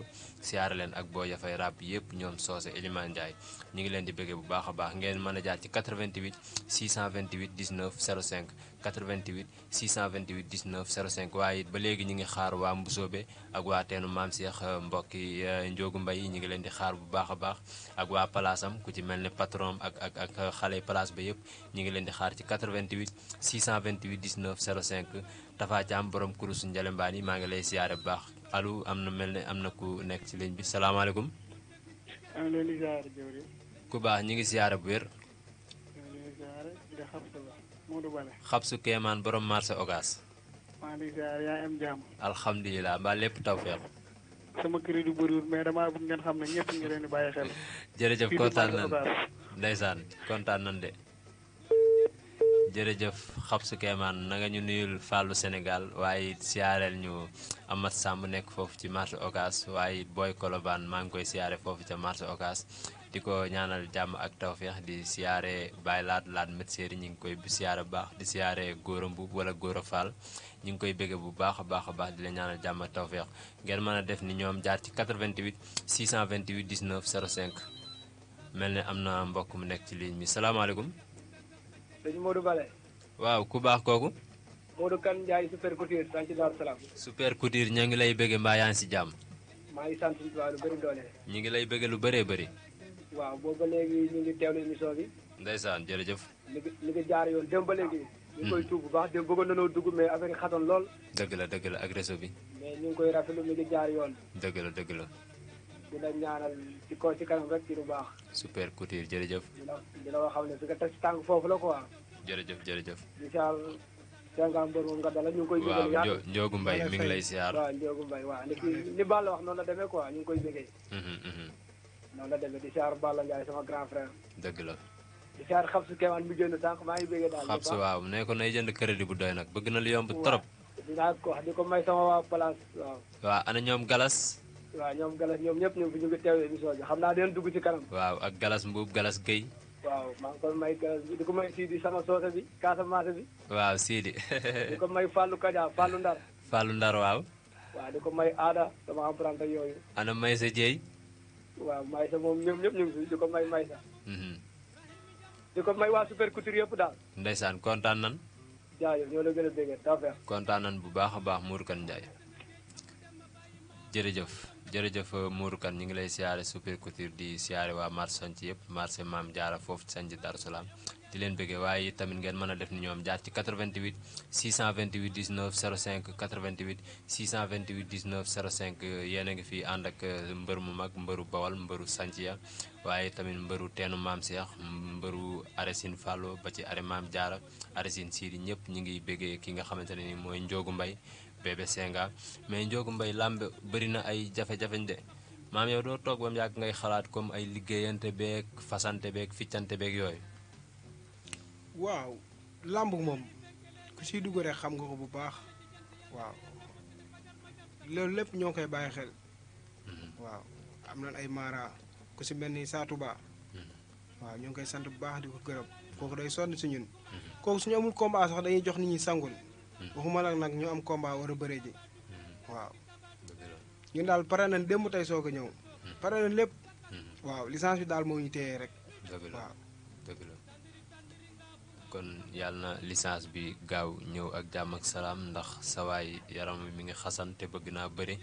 siyaare leen ak boo yafay ràbb yëpp ñoom soose Eliman Ndiaye ñu ngi leen di bëggee bu baax a baax ngeen mën a jaar ci 88 628 19 05 88 628 19 05 waaye it ba léegi ñu ngi xaar waa Mbusoobe ak waa teenu maam Seex euh, mbokk yi euh, Njoogu Mbay ñu ngi leen di xaar bu baax a baax ak waa palaasam ku ci mel ni patron ak ak ak xale palaas ba yëpp ñu ngi leen di xaar ci 88 628 19 05 Tafa Caam boroom kurus Njalembaan yi maa ngi lay siyaare bu baax allo am na mel ni am na ku nekk ci ligne bi salaamaaleykum. ku baax ñu ngi siyaare bu wér. xab su keemaan borom marché ogas alhamdulilah mbaa lépp tawfeex sama crédit bëriwul mais damaa bëgg ngeen xam ne ñëpp ngi leen bàyyi xel jërëjëf kontaan nan ndeysaan kontaan nan de jërëjëf xabsu keemaan na nga ñu nuyul fàllu senegal waaye siyaareel ñu Amath Samb nekk foofu ci marché Ocass waaye Boy Colobane maa ngi koy siyaare foofu ca marché Ocass di ko ñaanal jàmm ak tawféex di siyaare baay Laat Laat Met Seri ñi ngi koy siyaare bu baax di siyaare Gora Mboup wala Gora Fall ñu ngi koy bëgge bu baax a baax a baax di la ñaanal jàmm ak ngeen mën a def ni ñoom jaar ci 88 628 19 05 mel ni am na mbokk mu nekk ci ligne bi salaamaaleykum. sëñ waaw ku baax kooku. Modou Kan super couture sant ñoo ngi lay bëgge mbaa si jàmm. ñu ngi lay bëgge lu bëree bëri. waaw boobu ba léegi ñu ngi teewlu émission bi. ndeysaan jërëjëf. ñu ngi ñu ngi jaar yoon dem ba léegi. Hmm. ñu koy tuub bu baax dem bëggoon nañoo dugg mais affaire yi xatoon lool. dëgg la dëgg la ak réseau bi. mais ñu ngi koy rafetlu mi ngi jaar yoon. dëgg la dëgg la. di la ñaanal ci kaw kanam rek ci lu baax. super couture jërëjëf. di la wax ne fi nga teg ci tànk foofu la ko quoi. jërëjëf jërëjëf. incha Sénégal mbër moom nga dalal ñu ngi koy. waaw Ndiogou Ndiogou Mbaye mi ngi lay siyaar. waaw Ndiogou Mbaye waaw li kii li la wax noonu la demee quoi ñu ngi koy bëggee. Hmm, hmm, noonu la demee di siyaar Balla Ndiaye sama grand frère. dëgg la. di siyaar Xabsu Kéemaan mu jënd sànq maa ngi bëgg daal. Xabsu waaw ne ko nay jënd crédit bu doy nag bëgg na lu yomb trop. dinaa ko wax di ko may sama waa place waaw. waaw ana ñoom Galas. waaw ñoom Galas ñoom ñëpp ñu ngi ñu ngi teew émission bi xam naa dinañ dugg ci kanam. waaw ak Galas Mbuub Galas Guèye. waaw maa ngi koy may Galas bi di ko may Sidi sama soose bi Casamance bi. waaw Sidi. di ko may Fallou Kaja Fallou Ndar. Fallou Ndar waaw. waaw di ko may Aada sa Dieye. waaw Maysa moom ñoom ñëpp ñu ngi di ko may Maysa. Mhm. di ko may waa super couture yëpp daal. ndeysaan kontaan nan. kontaan nan bu baax a baax Mourou Kane Ndiaye. jërëjëf jërëjëf Mourou Kane ñu ngi lay siyaare super di siyaare waa marché ci yëpp marché Maam Jaara foofu ci Sanji di leen bëggee waaye tamit ngeen mën a def ni ñoom jaar ci 88 628 19 05 88 628 19 05 yéen a ngi fi ànd ak euh, mbër mu mag mbëru Bawal mbëru Santhia waaye tamit mbëru teenu maam Cheikh mbëru Aresine Fallo ba ci are maam Diarra Aresine Sidi ñëpp ñu ngi bëggee ki nga xamante ne ni mooy Ndiogu Mbaye bébé Senga mais Ndiogu Mbaye làmb bëri na ay jafe-jafeñ de maam yow doo toog ba mu yàgg ngay xalaat comme ay liggéeyante beeg fasante beeg ficcante beeg yooyu. waaw làmb moom ku siy dugg rek xam nga ko bu baax waaw loolu lépp ñoo koy bàyyi xel. Mm-hmm. waaw am na ay maara ku si mel ni Saatuba. Mm-hmm. waaw ñoo ngi koy sant bu baax di ko gërëm kooku day sonn si ñun. Mm-hmm. kooku suñu amul combat sax dañuy jox nit ñi sangul. waxuma la nag ñu am combat war a bëree ji. waaw ñun daal pare nañ démb tey soog a ñëw. pare nañ lépp. waaw licence bi daal moo ñu téye rek. waaw. kon yàlla na licence bi gaaw ñëw ak jàmm ak salaam ndax sawaay yaram mi ngi xasan te bëgg naa bëri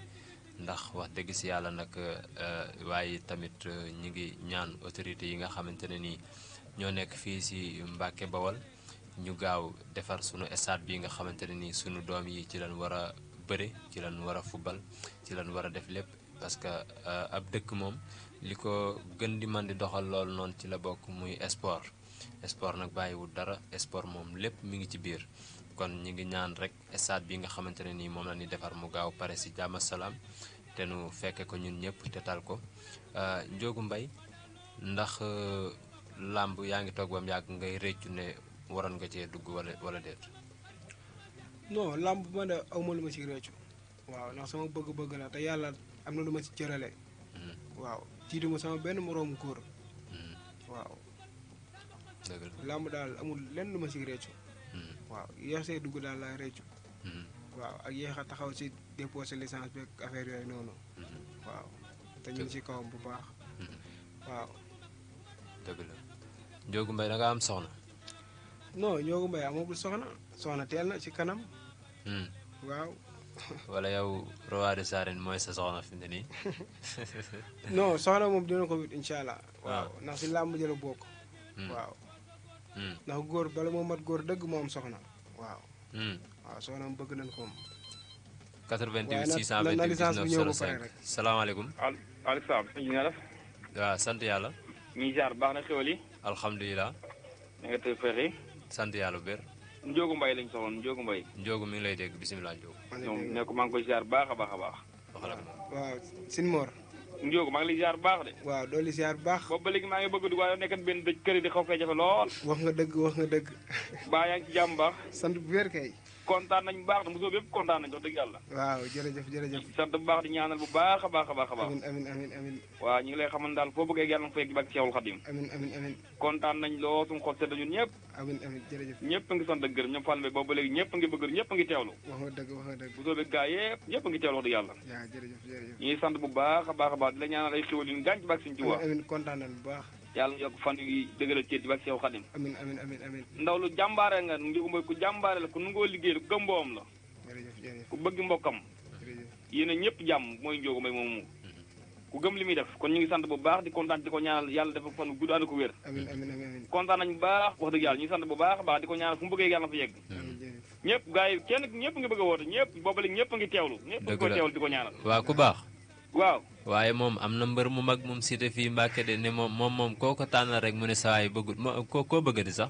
ndax wax dëgg si yàlla nag euh, waaye tamit euh, ñi ngi ñaan autorité yi nga xamante ne nii ñoo nekk fii si Mbàkke Bawal ñu gaaw defar sunu stade bi nga xamante ne nii sunu doom yi ci lañ war a bëri ci lañ war a fubal ci lañ war a def lépp parce que euh, ab dëkk moom li ko gën di man di doxal loolu noonu ci la bokk muy sport sport nag bàyyiwul dara sport moom lépp mi ngi ci biir kon ñi ngi ñaan rek stade bi nga xamante ne nii moom la ñuy defar mu gaaw pare si jàmm salaam te nu fekke ko ñun ñépp te tal ko euh, Ndiogou mbay ndax euh, làmb yaa ngi toog bam yàgg ngay réccu ne waroon nga cee dugg wala wala déet. no làmb man de aw ma lu ma ci réccu waaw ndax sama bëgg-bëgg la te yàlla am na lu ma ci jërale hmm. waaw jiitu ma sama benn moroomu góor hmm. waaw. làmb daal amul len lu ma si réccu hmm. waaw yeex see dugg daal laa réccu hmm. waaw ak yéex a taxaw ci déposé licence bi ak affaire yooyu noonu hmm. waaw te ñu bu baax waaw dëgg la am soxna non Ndiogou Mbaye amagul soxna soxna teel ci kanam waaw wala yow roi de Sarène mooy sa soxna fi mu ne nii non soxna moom dina ko wit incha allah ah. waaw ndax si làmb jëla bokk waaw ndax góor bala moom mat góor dëgg moom soxna waaw. Hmm. waaw soxnaam bëgg nañ ko moom. 88 628 19 05 salaamaaleykum. Aliou Sow ñu ngi waaw sant yàlla. ñi jaar baax na xéwal yi. alhamdulilah. na nga tëj fexe. sant yàlla bu wér. Ndiogou Mbaye lañ soxla Ndiogou Mbaye. Ndiogou mi lay dégg bisimilah Ndiogou. maa ngi lay nekk maa ngi koy jaar baax a baax a baax. waaw Sine Ndiogo maa ngi lay baax de. waaw doo li ziar bu baax. boobu ba maa ngi bëgg a dugg waaye nekkat benn dëj kër yi di xaw fee jafe lool. wax nga dëgg wax nga dëgg. baa yaa ngi baax. sant bu wér kay. kontaan nañ bu baax de mosoo bépp kontaan nañ yàlla waaw jërëjëf jërëjëf sant bu baax baax a baax a baax a a ngi sant ak gërëm ñoom Fall Mbaye boobu léegi ñëpp a ngi bëgg ñëpp a ngi teewlu wax nga dëgg wax a ngi teewlu wax a baax a baax di ñaanal ay xéwal yu gànc bak ci waa amin kontaan bu baax yàlla yokk fan yi dëgëral cër ji ba ak Seex Xadim amiin amiin amiin amiin ndaw lu jàmbaare nga njugu mooy ku jàmbaare la ku nungoo liggéey ku gëmboom la ku bëgg mbokkam yéen a ñëpp jàmm mooy njóogu may moomu ku gëm li muy def kon ñu ngi sant bu baax di kontaan di ko ñaanal yàlla def fan gudd ànd ko wér kontaan nañu baax wax dëgg yàlla ñu ngi sant bu baax baax di ko ñaanal fu mu bëggee yàlla na fa yegg ñëpp gars yi kenn ñëpp ngi bëgg a woote ñëpp boobale ñëpp ngi teewlu ñëpp ngi koy teewlu di ko ñaanal waa ku baax waaw waaye moom am na mbër mu mag moom Siteu fii Mbàkke de ne moom moom moom koo ko tànnal rek mu ne saa bëggut bëggul moo koo koo bëgg di sax.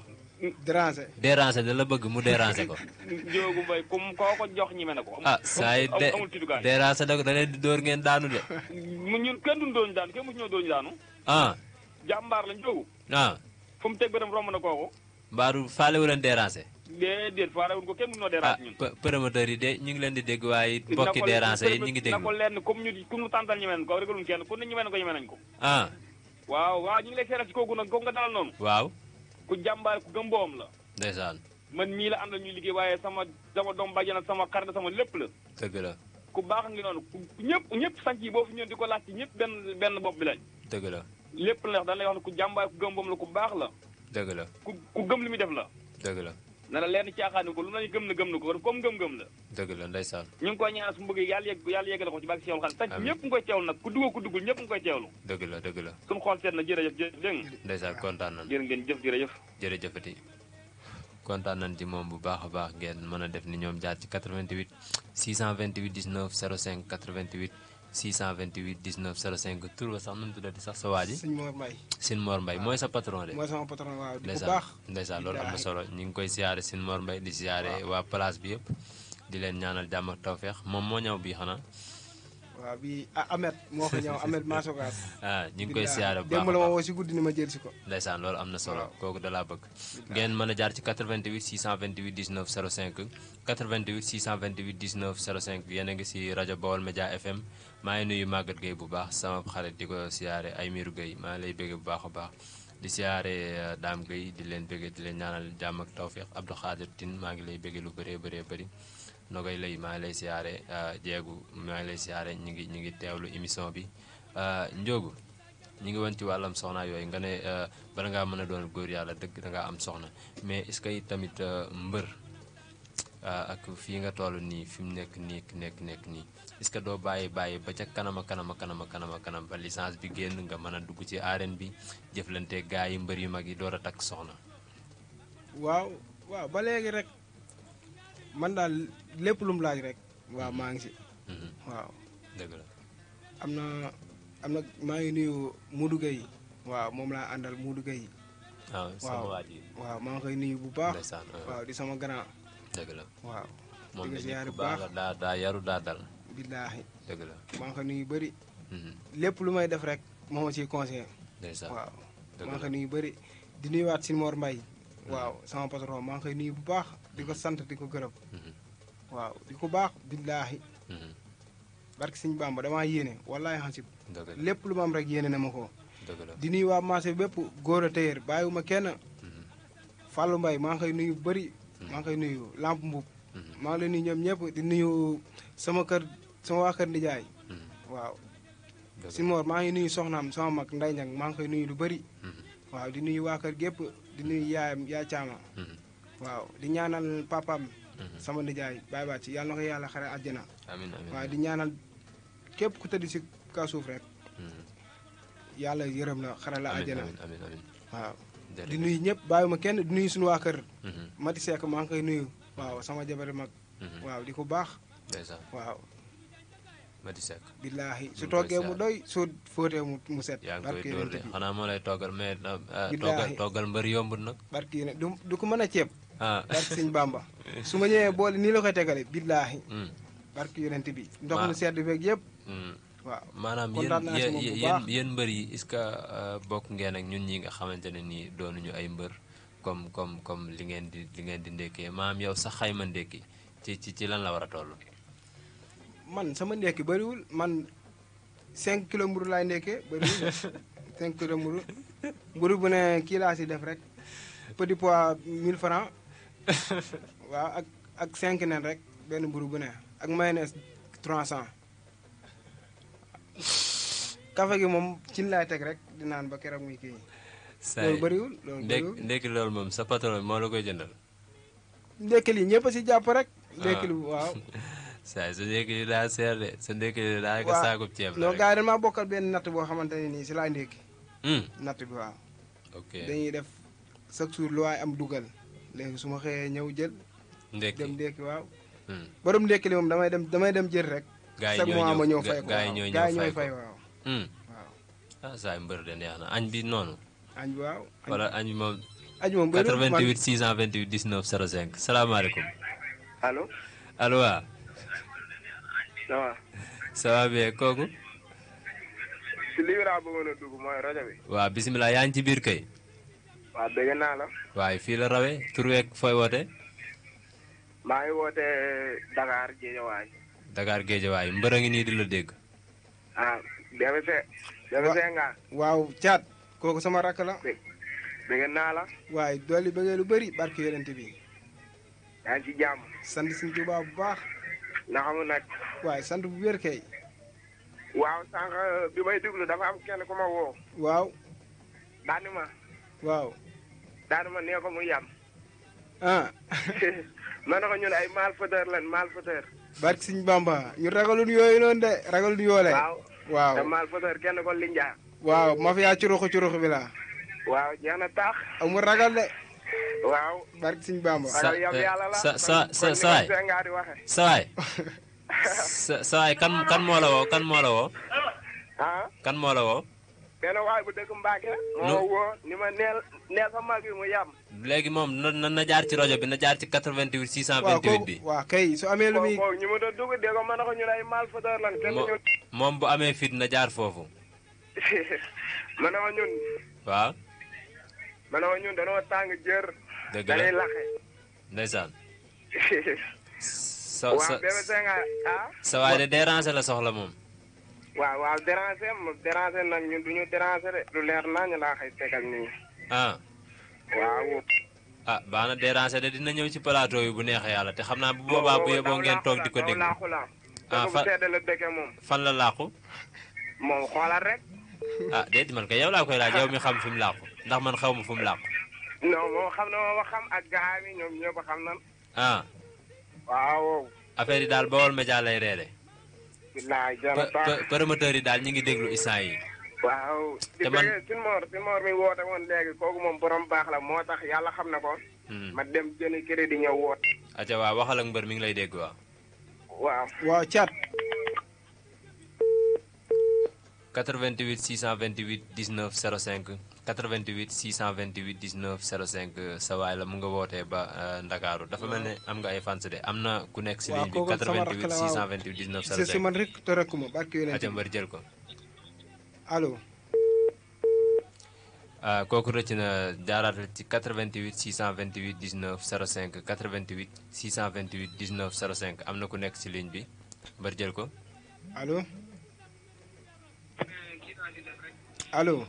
déranger déranger da la bëgg mu déranger ko. Ndiogou Mbaye comme koo ko jox ñime na ko. ah saa yi de déranger da da di dóor ngeen daanu de. ñun kenn duñ dooñu daanu kenn mësuñoo dooñu daanu. ah. jàmbaar lañ Ndiogou. ah. fu mu teg ba dem romb na kooku. mbaaru faale wu leen déranger. déedéet faale wuñ ko kenn mënoo déranger ah, ñun. promoteur yi de ñu ngi leen di dégg waaye bokki déranger yi ñu ngi dégg. na ko lenn comme ñu tàntal ñemee ko regalun kenn ku ne ñemee ko ñemee nañ ko. Ah. waaw waaw ñu ngi lay seeral ci kooku nag kooku nga dalal noonu. waaw. ku jàmbaar ku gëm la. ndeysaan. man mii la am na ñuy liggéey waaye sama sama doom bàjjen ak sama xarit sama lépp la. dëgg la. ku baax ngi noonu ñëpp ñëpp sanc yi boo fi ñëw di ko laaj ci ñëpp benn benn bopp bi lañ. dëgg la. lépp la ndax dañ lay ku jàmbaar ku gëm boom la ku baax la. dëgg la ku ku gëm li muy def la. dëgg la na leen caaxaani ko lu nañu gëm na gëm na ko comme gëm-gëm la dëgg la ndeysaan ñu ngi koy ñaanal su mbëgg yàlla yegg ko ci bàgg seexul xaalis tax ñëpp nga koy nga koy teewlu dëgg la dëgg la suñu xool seet na jërëjëf jërëjëf dégg nga ndeysaan kontaan nañ jërë ngeen jëf jërëjëf jërëjëfati kontaan nañ ci moom bu baax a baax ngeen mën a def ni ñoom jaar ci 88 628 19 05 88 628 19 05 tur ba sax nu mu tuddati sax sa waa ji. sëñ Mor Mbaye. sëñ Mor mooy sa patron de. mooy sama patron waaw di bu baax. ndeysaan loolu am na solo ñu ngi koy siyaare sëñ Mor Mbaye di siyaare waa place bi yëpp. di ñaanal jàmm ak tawféex moom moo ñëw bii xanaa. waaw bii ah, Ahmed moo ko ñëw ah, ñu ngi koy siyaare bu baax démb ma woo si ko. ndeysaan loolu am na solo kooku da laa bëgg. ngeen mën a jaar ci 88 628 19 05 88 628 19 05 yéen a ngi si rajo Baol Média FM maa ngi nuyu màgget Gueye bu baax sama xarit di ko siyaare Aymirou Gueye maa ngi lay bëgg bu baax a baax di siyaare euh, Dame Gueye di leen bëgg di leen ñaanal jàmm ak tawfiq Abdou Khadir Tine maa ngi lay bëgg lu bëree bëree bari Nogay lay maa ngi lay siyaare jeegu euh, maa ngi lay siyaare ñu ngi ñu ngi teewlu émission bi euh, Ndiogu ñu ngi woon ci wàllam soxna yooyu nga ne bala ngaa mën a doon góor yàlla dëgg dangaa am soxna mais est-ce que tamit mbër ak fii nga toll nii fi mu nekk nii nekk nekk nii est-ce que doo bàyyi bàyyi ba ca kanama kanama kanama kanama kanam ba licence bi génn nga mën a dugg ci arène bi jëflante gaa yi mbër yu mag yi door a takk soxna. waaw waaw ba léegi rek man daal lépp lu mu laaj rek. waaw maa ngi si. Mhm. waaw. dëgg la. am na am na maa ngi nuyu Modou Gueye waaw moom laa àndal Modou Gueye ah, waaw sama waa ji waaw maa ngi koy nuyu bu baax. Ah. waaw di sama grand. dëgg la waaw. moom la daa daa yaru daa dal. billaahi dëgg la manqué yu bëri mhm. lépp lu may def rek moo ma ciy conseillé waaw manqué nuyu bëri di nuyuwaat si Mor Mbaye mhm. waaw sama patron maa ngi koy nuyu bu baax di ko mhm. sant di ko gërëm waaw di ko baax billaahi barke sëñ Bàmba damaa yéene wallaahi xasib lépp lu ma rek yéene na ma ko di nuyu waa marché bépp góor a téyeer bàyyiwuma kenn fal mbay maa ngi koy nuyu bëri maa ngi koy nuyu Lamp Mbuub maa ngi nuyu ñoom ñëpp di nuyu sama kër sama waa kër nijaay hmm. waaw si moor maa ngi nuyu soxnaam sama mag nday ñag maa ngi koy nuyu lu bëri hmm. waaw di nuyu waa kër gépp di nuyu yaayam yaay caama hmm. waaw di ñaanal nijaay baay baa ci yàlla yàlla xare àjjana di ñaanal képp ku tëdd si kaw suuf rek yàlla yërëm la xare la àjjana waaw di nuyu ñëpp bàyyiwuma kenn di nuyu suñu waa kër mati seek maa ngi koy nuyu waaw sama jabari mag waaw di ko baax waaw Mati Seck billaahi su toogee mu doy su fóotee mu set yaa ngi koy xanaa moo lay toogal mais ah, toggal mbër yombut nag barki ne du ko mën a ceeb ah barki Bamba su ma ñëwee boole nii la koy tegale billaahi hmm. barki yonent bi ndox mu sedd beeg yëpp hmm. waaw maanaam yéen mbër yi est-ce que euh, bokk ngeen ak ñun ñi nga xamante ne nii doonuñu ay mbër comme comme comme li ngeen di li ngeen di ndékkee maam yow sax xayma ndékki ci ci ci lan la war a toll man sama ndekki bariwul man cinq kilo mburu lay ndekkee bëriwul 5 kilo mburu mburu bu ne kii laa si def rek petit pois 1000 francs waaw ak ak 5 rek benn mburu bu ne ak mayonnaise 300 café gi moom cin laay teg rek di naan ba keroog muy kii. saa yi loolu bëriwul loolu bëriwul ndekki moom sa patron moo la koy jëndal. ndekki li si jàpp rek. ndekki ah. waaw. saa su ndékki daa seer de sa ndékki daa ko ceeb la. waaw non gars bokkal benn natt boo xamante ne nii si laa ndékki. Hmm. natt bi waaw. dañuy def chaque jour lu waay am dugal léegi su ma xëyee ñëw jël. ndékki dem ndékki waaw. Hmm. borom ndékki li moom damay dem damay jël rek. gaa yi ñoo ñëw fay ñëw fay yi ñoo fay waaw. ah saa yu mbër de neex na añ bi noonu. añ bi waaw wala añ bi moom. añ moom bëri na 88 628 19 salaamaaleykum. allo allo ça va. ça va kooku. si lii laa bëggoon a dugg mooy rajo bi. waaw bisimilah yaa ngi ci biir kay. waaw dégg naa la. waaye fii la rawee tur weeg fooy woote. maa ngi woote Dakar Géejawaay. Dakar Géejawaay mbër ngi nii di la dégg. ah DBC. DBC nga. waaw Thiat kooku sama rakk la. dégg naa la. waaye doole bëggee bëri barke yonent bi. yaa ngi sant suñu Tuubaa bu baax. na xamu nag. waaye sant bu wér kay. waaw sànq bi may déglu dafa am kenn ku ma woo. waaw. daani waaw. daani ma nee ko mu yam. ah. ma ne ko ñun ay malfaiteur lan malfaiteur. barke Sëñ Bamba ñu ragalul yooyu noonu de ragalul yoole. waaw waaw te malfaiteur kenn ko linjaar. waaw ma fi curuxu curuxu bi waaw jeex taax. amul ragal de. waaw. barke Sëñ Bamba. Eh, sa sa sa sa saay saay sa kan kan moo la woo kan moo la woo. ah. kan moo la woo. benn bu dëkk Mbacke. moo woo ni ma neel sa mag yi mu yam. léegi moom na na jaar ci rajo bi na jaar ci 88 628 bi. waaw bi su amee lu muy. ñu ma doon dugg dégg ma ne ko ñun ay malfaiteur lan. moom bu amee fit na jaar foofu. ma ne ñun. waaw. ma ne ko ñun danoo tàng jër. dëgg la dañuy laxe. ndeysaan. sa sa ah? de déranger la soxla moom. waaw waaw déranger moom déranger nag ñun du ñu déranger lu leer naa ñu laa xay tegal nii. ah. waaw. ah baax de dina ñëw ci plateau yi bu neex yàlla te xam naa bu boobaa bu yeboo ngeen toog di ko dégg. Ah, fan la laaxu. moom xoolal rek. ah déedéet man kay yow laa koy laaj yow mi xam fi laaxu. ndax man xaw ma fu mu làqu. non moom xam na moo xam ak gaa mi ñoom ñëpp xam na ah. waaw. affaire yi daal Baol Média lay reere. bilaay jërëjëf promoteurs yi daal ñu ngi déglu instant yi waaw di bëggee suñu moor mi woote woon léegi kooku moom borom baax la moo tax yàlla xam na ko. Hmm. ma dem jënd crédit ñëw woote. aca waaw waxal mbër mi ngi lay dégg waaw. waaw waaw 88 628 19 05 88 628 19 05 sa waay la mu nga wootee ba euh, Ndakaaru dafa mel ne am nga ay fans de am na ku nekk si ligne bi 88 628 19 05 si man rek te rakkuma barki yonent bi mbër jël ko allo ah, kooku rëcc na jaaraatal ci 88 628 19 05 88 628 19 05 am na ku nekk si ligne bi mbër jël ko allo allo.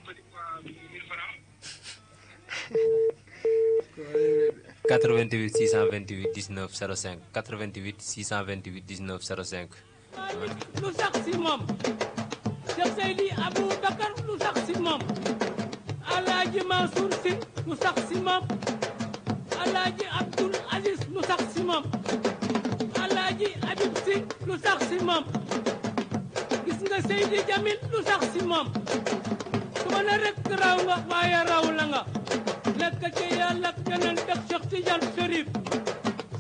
88 628 19 05 88 628 19 05. lu sax si moom. Cheikh Seydi Abou lu sax si moom. Alaaji Mansour si lu sax si moom. Alaaji Abdoul Aziz lu sax si moom. Alaaji Habib si lu sax si moom. gis nga Seydi Jamil lu sax si moom su ma ne rek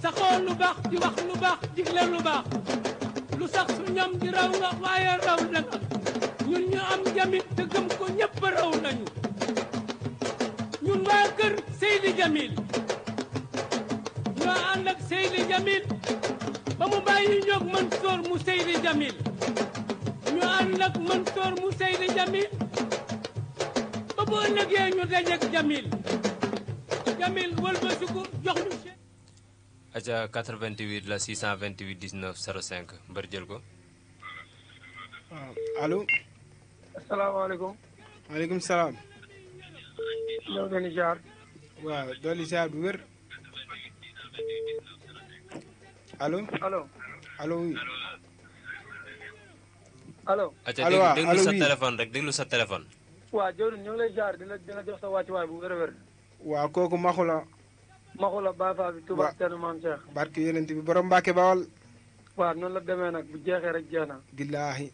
saxoo lu baax di wax lu baax digle lu baax lu sax su ñoom di raw nga waaye raw la nga ñun ñu am Jamil te gëm ko ñëpp raw nañu ñun waa kër Seydi Jamil ñoo ànd ak Seydi Jamil ba mu bàyyi ñoog Mansour mu Seydi Jamil ñu ànd ak Mansour mu Seydi Jamil ba la mbër jël ko. waaw ah, allo. asalaamaaleykum. maaleykum salaam. ñoo allo allo waaw déglu sa téléphone rek déglu sa téléphone. waaw jërëjëf ñu lay jaar dina dina jox sa wàccuwaay bu wér a wér. waaw kooku maxu maxula maxu la baafa bi tubaab seen maam Cheikh. barke ti bi borom Mbàkke Bawal. waaw noonu la demee nag bu jeexee rek jeex na. billaahi.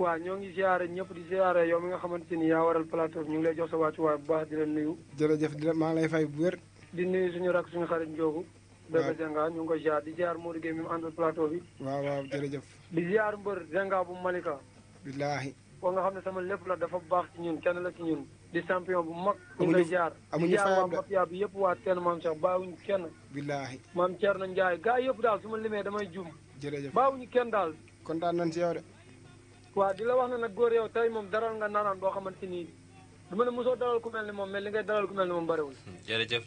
waaw ñoo ngi ziare ñëpp di ziare yow mi nga xamante ni yaa waral plateau ñu ngi lay jox sa wàccuwaay bu baax di la nuyu. jërëjëf di la maa lay fay bu wér. di nuyu suñu rakk suñu xarit Ndiogu. waaw Bébé Jenga ah, ñu ngi koy ziare di ziare Modou Gueye mi mu àndal plateau bi. waaw waaw di ziar mbër Zenga bu Malika. billaahi. koo nga xam ne sama lépp la dafa baax ci ñun kenn la ci ñun. di champion bu mag. ñu ngi lay ziar amuñu fayam la ziar bi yëpp waa teen maam Cheikh baawuñu kenn. billaahi maam Thierno Ndiaye gaa yëpp daal su ma limee damay juum. jërëjëf baawuñu kenn daal. kontaan nañ ci yow di la wax ne nag góor tey moom daral nga naanaan boo xamante ni du ma ne mosoo dalal ku mel moom mais li ngay dalal ku mel ni moom bariwul. Hmm, jërëjëf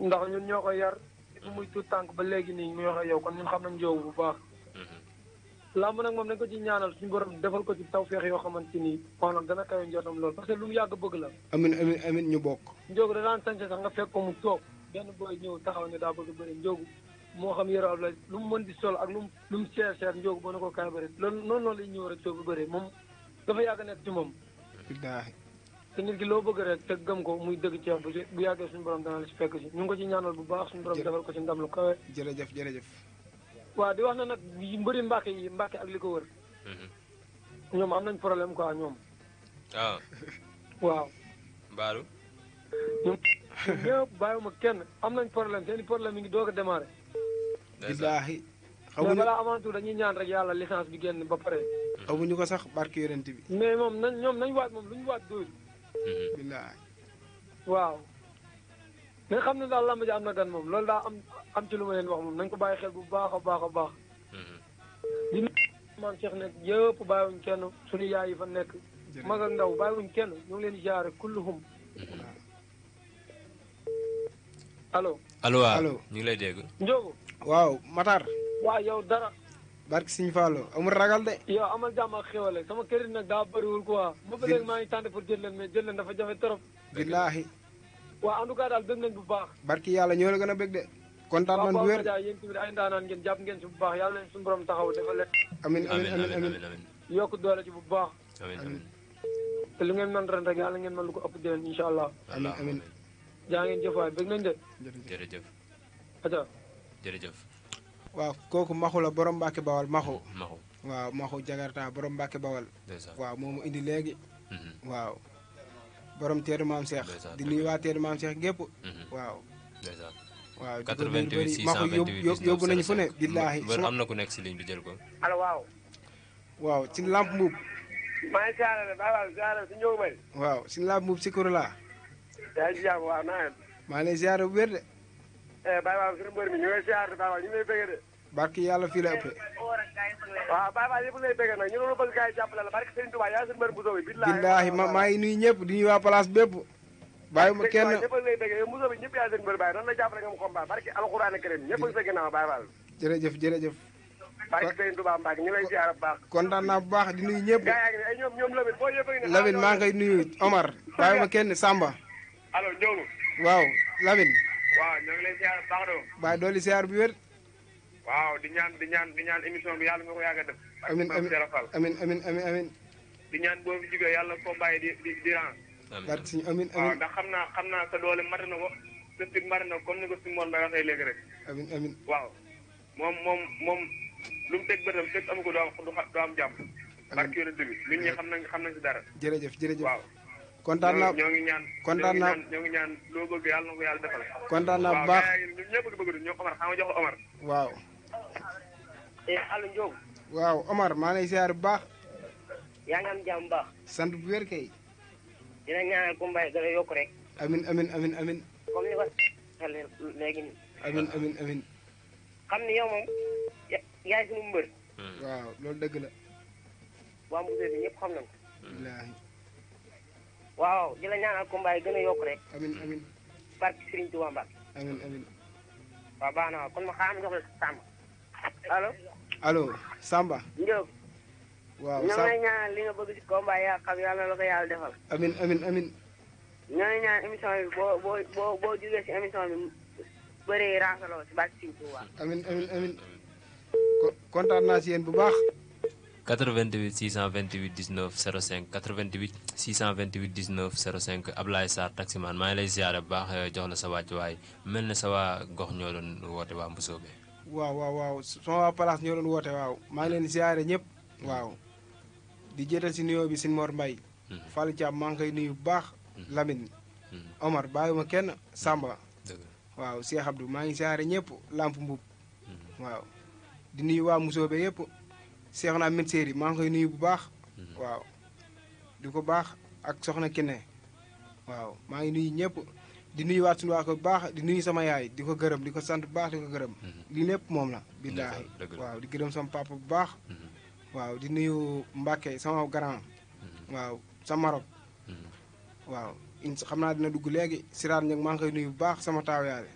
ndax ñun ñoo ko yar. bu muy tuut tànk ba léegi nii muy wax yow kon ñun xam nañ joowu bu baax lamb nag moom nañ ko ci ñaanal suñu borom defal ko taw tawféex yoo xamante ni maanaam dana kawe njortam lool parce que lu mu yàgg bëgg la amin ñu bokk njóogu da daan sañse sax nga fekk ko mu toog daa bëgg bëri njóogu moo xam yore la lu mu mën di sol ak lu mu lu mu seer seer njóogu na ko kaay bëri loolu noonu noonu lay ñëw rek soo ko bëree moom dafa yàgg nekk ci moom te nit ki loo bëgg rek te gëm ko muy dëgg ci yow bu yàggee suñu borom fekk si ñu ko ci ñaanal bu baax suñu borom defal ko ci ndam lu kawe jërëjëf jërëjëf waaw di wax na nag mbëri Mbàkke yi Mbàkke ak li ko wër. Mhm. ñoom am nañ problème quoi ñoom. waaw. Ah. waaw. Mbaalu. ñoom ñëpp kenn am nañ problème seen i problème yi ngi doog a démarré. billaahi. xamuñu balaa avant tout dañuy ñaan rek yàlla licence bi génn ba pare. xamuñu ko sax barke yorenti bi. mais moom nañ ñoom nañu waat moom lu ñu waat mhm. billaahi. waaw. nga xam ne daal làmb ji am na gan moom loolu daa am am ci lu ma leen wax moom nañ ko bàyyi xel bu baax a baax a baax. Mm-hmm. di nuyu maam Cheikh nekk yëpp bàyyiwuñ kenn suñu yaay yi fa nekk. mag ak ndaw bàyyiwuñ kenn ñu leen di jaare kulluhum. Mm-hmm. allo. allo waaw ñu ngi lay dégg. Ndiobo. waaw Matar. waa yow dara. barke Sëñ Fallu amul ragal de. yow amal jàmm ak xéwale sama kërit nag daa bëriwul quoi. ba léegi maa ngi tànn pour jël leen mais jël dafa jafe trop. billaahi. waa en tout cas daal bëgg nañ bu baax barki yàlla ñoo la gën a bëgg de kontaan nañ bu wér yéen tamit ay ndaanaan ngeen jàpp ngeen ci bu baax yàlla leen suñu borom taxaw dafa yokk doole ci bu baax amin te ngeen mën ren rek yàlla ngeen mën ko ëpp déwén incha allah amin amin jaa ngeen jëf waay bëgg waaw kooku maxu borom Mbàkke Bawal maxu maxu waaw maxu jagarta borom Mbàkke Bawal waaw moomu indi léegi mhm. waaw borom teeru maam Cheikh. di nuyu waa teeru maam Cheikh gépp mhm. waaw. waaw ma ko yóbbu yóbbu fu ne. billaahi su am na ku nekk si ligne bi jël ko. allo waaw. waaw si làmp Mbuub. maa ngi saa la waaw saa la si Ndiob Mbaye. waaw si Lamp Mbuub si Kurla. yaa ngi waaw naa leen. maa ngi lay ziar bu wér de. eh Baye Ba sunu mbër mi ñu ngi lay ziar de Baye ñu ngi lay de. barki yàlla fii la ëppee. waaw Baye Fall yëpp lay bëgg nag ñu doon bëgg gars yi jàppale la barki Serigne Touba yaa seen mbër Moussa bi. billaahi ma maa ngi nuyu di nuyu waa place bépp. bàyyi ma kenn ñëpp lay bëgg Moussa bi ñëpp la jàppale nga mu combat barki alxuraan karim ñëpp sa ginnaaw Baye Fall. jërëjëf jërëjëf. barki Serigne Touba kontaan naa baax di nuyu ñëpp. ñoom maa ngi koy Omar bàyyi Samba. waaw Lamine. waaw ñoo ngi lay ziar bu baax doon. wér waaw di ñaan di ñaan di ñaan émission bi yàlla nga ko yàgg a def. amiin amiin amiin amiin amiin di ñaan boo fi jógee yàlla ko bàyyi di di amin rang. amiin ndax xam naa xam naa sa doole mat na ko sa fit mat na comme ni ko si Mor Mbaye waxee léegi rek. amiin amiin waaw moom moom moom lu mu teg bëtam teg amu ko doo doo am jàmm. barke yonent bi nit ñi xam nañ xam nañ si dara. jërëjëf jërëjëf waaw. kontaan naa ñoo ngi ñaan kontaan naa ñoo ngi ñaan loo bëgg yàlla na ko yàlla defal. kontaan naa bu baax waaw ñun ñëpp bëgg bëgg ñoo Omar xam nga jox la waaw. Seydou Aliou Ndiob. waaw Omar maa lay ziar bu baax. yaa ngi am baax. sant bu wér kay. dina ñaanal yokk rek. amin amin amin amin ko xale léegi hmm. loolu dëgg la. waa Mbouté bi la ñaanal Koumba yi yokk rek. amin amin barke Serigne Touba amin amin waaw baax na waaw kon ma xaaral ma jox la allo Samba. Diop. waaw Samba ñoo ngi ñaanal li nga bëgg ci combat yaa xam yàlla la ko yàlla defal. amin amin amin ñoo ngi ñaan émission bi boo boo boo boo jugee ci émission bi bëree raasaloo ci bàcc si Touba. amin amin amin kontaan naa si yéen bu baax. 88 628 19 05 88 628 19 05 Ablaye Sarr taximaan maa ngi lay ziare bu baax jox la sa wàccuwaay mel na sa waa gox ñoo doon woote waa Mbusoobe. waaw waaw waaw sama waa place ñoo doon woote waaw maa ngi leen ziare ñëpp waaw di jëtal si nuyoo bi sin mbay Mbaye mhm. Fallou Thiam maa ngi koy nuyu bu baax mhm. Lamine mhm. Omar bàyyiwuma kenn Samba maa ngi ziare ñëpp Lamp Mbub waaw di nuyu waa Musoobe yëpp Cheikh naa médecin yi maa ngi koy nuyu bu baax waaw di ko baax ak soxna Kine waaw maa ngi nuy ñëpp di nuyuwaat suñu waa bu baax di nuyu sama yaay di ko gërëm di ko sant bu baax di ko gërëm. Mhm. lii lépp moom la. billaahi waaw di gërëm sama papa bu baax. Mhm. waaw di nuyu Mbacke sama grand. Mhm. waaw sa Maroc. waaw xam naa dina dugg léegi Siraat Ndiaye maa ngi koy nuyu bu baax sama taaw yaay.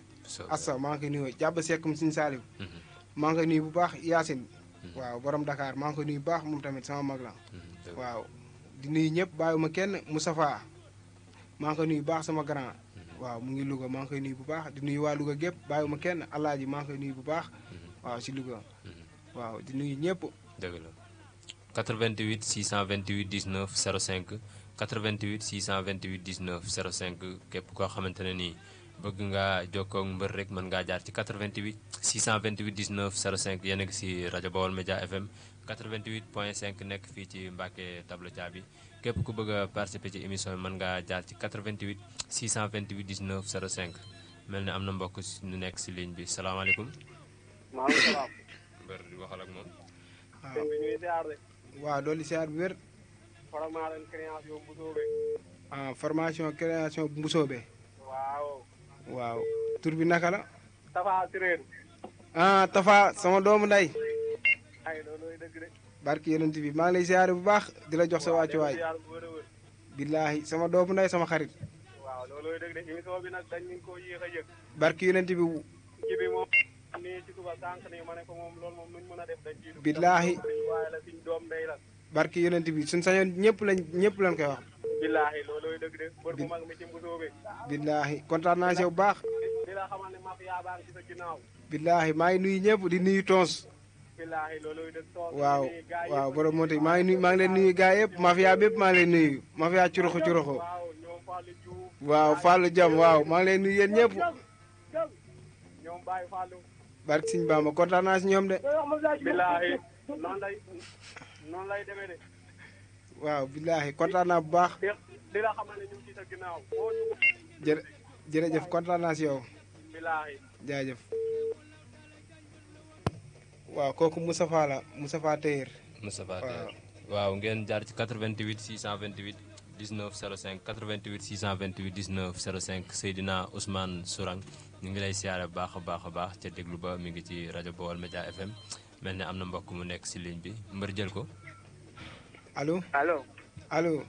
maa ngi koy nuyu jàpp sekkum suñu maa ngi koy bu baax Yacine. waaw borom Dakar maa ngi koy nuyu baax moom tamit sama mag la. di nuyu ñëpp bàyyiwuma kenn Moustapha maa ngi ko nuyu bu baax sama grand. waaw mu ngi Louga maa ngi koy nuyu bu baax di nuy waa Louga gépp ma kenn alaaji maa ngi koy nuyu bu baax mhm. waaw si Louga mhm. waaw di nuyu ñëpp dëgg la 88 628 19 05 88 628 19 05 képp ko xamante ne nii bëgg ngaa jokkoo mbër rek mën ngaa jaar ci 88 628 19 05 yéen a ngi si rajo Baol Média FM 88 point 5 nekk fii ci Mbacke Tableau Dia bi képp ku bëgg a participer ci émission bi mën ngaa jaar ci 88 628 19 05 mel ne am na mbokk ñu nekk si ligne bi salaamaaleykum. maaleykum mbër di waxal ak moom. waaw ah. sëñ bi ñu bu wér. Ah, formation création bu Mbusoobe. waaw. tur bi naka la. Tafa Sireen. Ah, sama doomu nday barki yonent bi maa lay ziare bu baax di la jox sa wàccuwaay billaahi sama doomu nday sama xarit waaw loolooy dëgg de émission bi nag dañ ñu ko yéex a yëg barki yonent bi bi moom nii ci suba sànq ko moom loolu moom nuñ mën a def dañ ci billaahi waaye la suñ doom sañoon ñëpp lañ ñëpp lañ koy wax billaahi loolooy dëgg de bër bu mag mi kontaan naa bu baax di la billaahi maa ngi nuyu di nuyu toos waaw waaw borom moo maa ngi nuyu maa ngi leen nuyu gaa yëpp mafia bépp maa ngi leen nuyu mafia curuxu curuxu waaw Fallou Diam waaw maa ngi leen nuyu yéen ñëpp barke Sëñ Bamba kontaan ñoom de waaw billaahi kontaan naa bu baax jërëjëf kontaan naa si waaw kooku Moustapha la Moustapha Téer. Moustapha waaw ngeen jaar ci 88 628 19 05 88 628 19 05 Seydina Ousmane suran ñu ngi lay siyaare bu baax baax a baax ca déglu ba mu ngi ci rajo Baol Média FM mel ni am na mbokk mu nekk si ligne bi mbër jël ko. allo allo allo.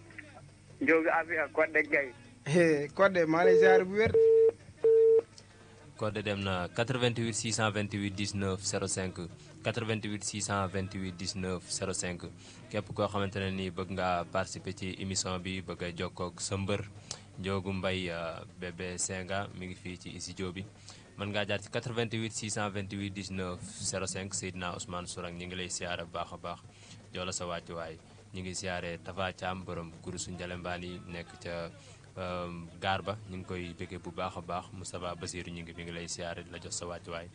Ndiogu Afia Codé Gueye. Codé maa lay siyaare bu wér. Codé dem na 88 628 19 05. 88 628 19 05 képp koo xamante ne nii bëgg ngaa participer ci émission bi bëgg a jokkoo ak sa mbër Ndiogou mbay euh, bébé Senga mi ngi fii ci studio bi mën ngaa jaar ci 88 628 19 05 Seydina Ousmane Sourang ñu ngi lay siyaare bu baax a baax joola sa wàccuwaay ñu ngi siyaare Tafa Thiam borom kurusu njalembaan yi nekk ca euh, gaar ba ñu ngi koy bëggee bu baax a baax Moustapha Basirou ñu ngi mi ngi lay siyaare di la jox sa wàccuwaay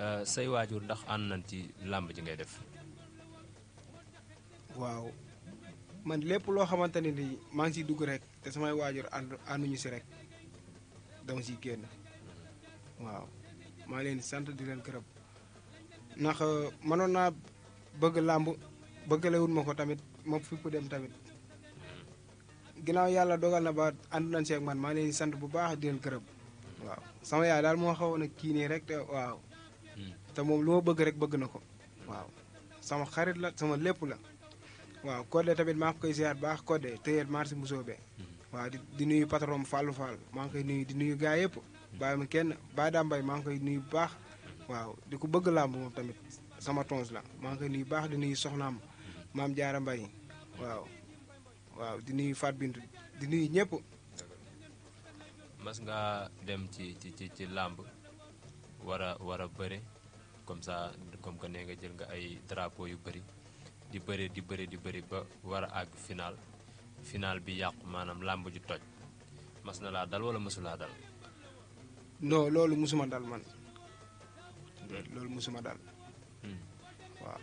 Euh, say waajur ndax ànd nañ ci làmb ji ngay def. waaw man lépp loo xamante ne ni maa ngi siy dugg rek te samay waajur ànd ànduñu si rek dama si génn waaw maa leen sant di leen gërëm ndax euh, mënoon naa bëgg làmb bëggalewul ma ko tamit ma fi ku dem tamit ginnaaw yàlla dogal na ba ànd nañ si man maa leen sant bu baax a leen gërëm waaw sama yaay daal moo xawoon a kii nii rek te waaw. te moom lu ma bëgg rek bëgg na ko waaw sama xarit la sama lépp la waaw Codé tamit maa ngi koy ziar baax Codé téyeer marché Mboussobé mm-hmm. waaw di di nuyu patron Fallou Fall maa ngi koy nuyu di nuyu gaa yëpp mm-hmm. bàyyi ma kenn Baye mbay maa ngi koy nuyu bu baax waaw di ko bëgg làmb moom tamit sama tons la maa ngi koy nuyu baax di nuyu soxnaam mm-hmm. maam Jaara Mbay waaw waaw di nuyu Fat Bintu di nuyu ñëpp mas nga dem ci ci ci làmb war a war comme saa comme que nee nga jël nga ay drapeau yu bari di bëri di bari di bëri ba war ak àgg final final bi yàqu maanaam làmb ju toj mas na laa dal wala mësulaa dal. non loolu mësuma dal man. Hmm. loolu mësuma dal. Hmm. waaw.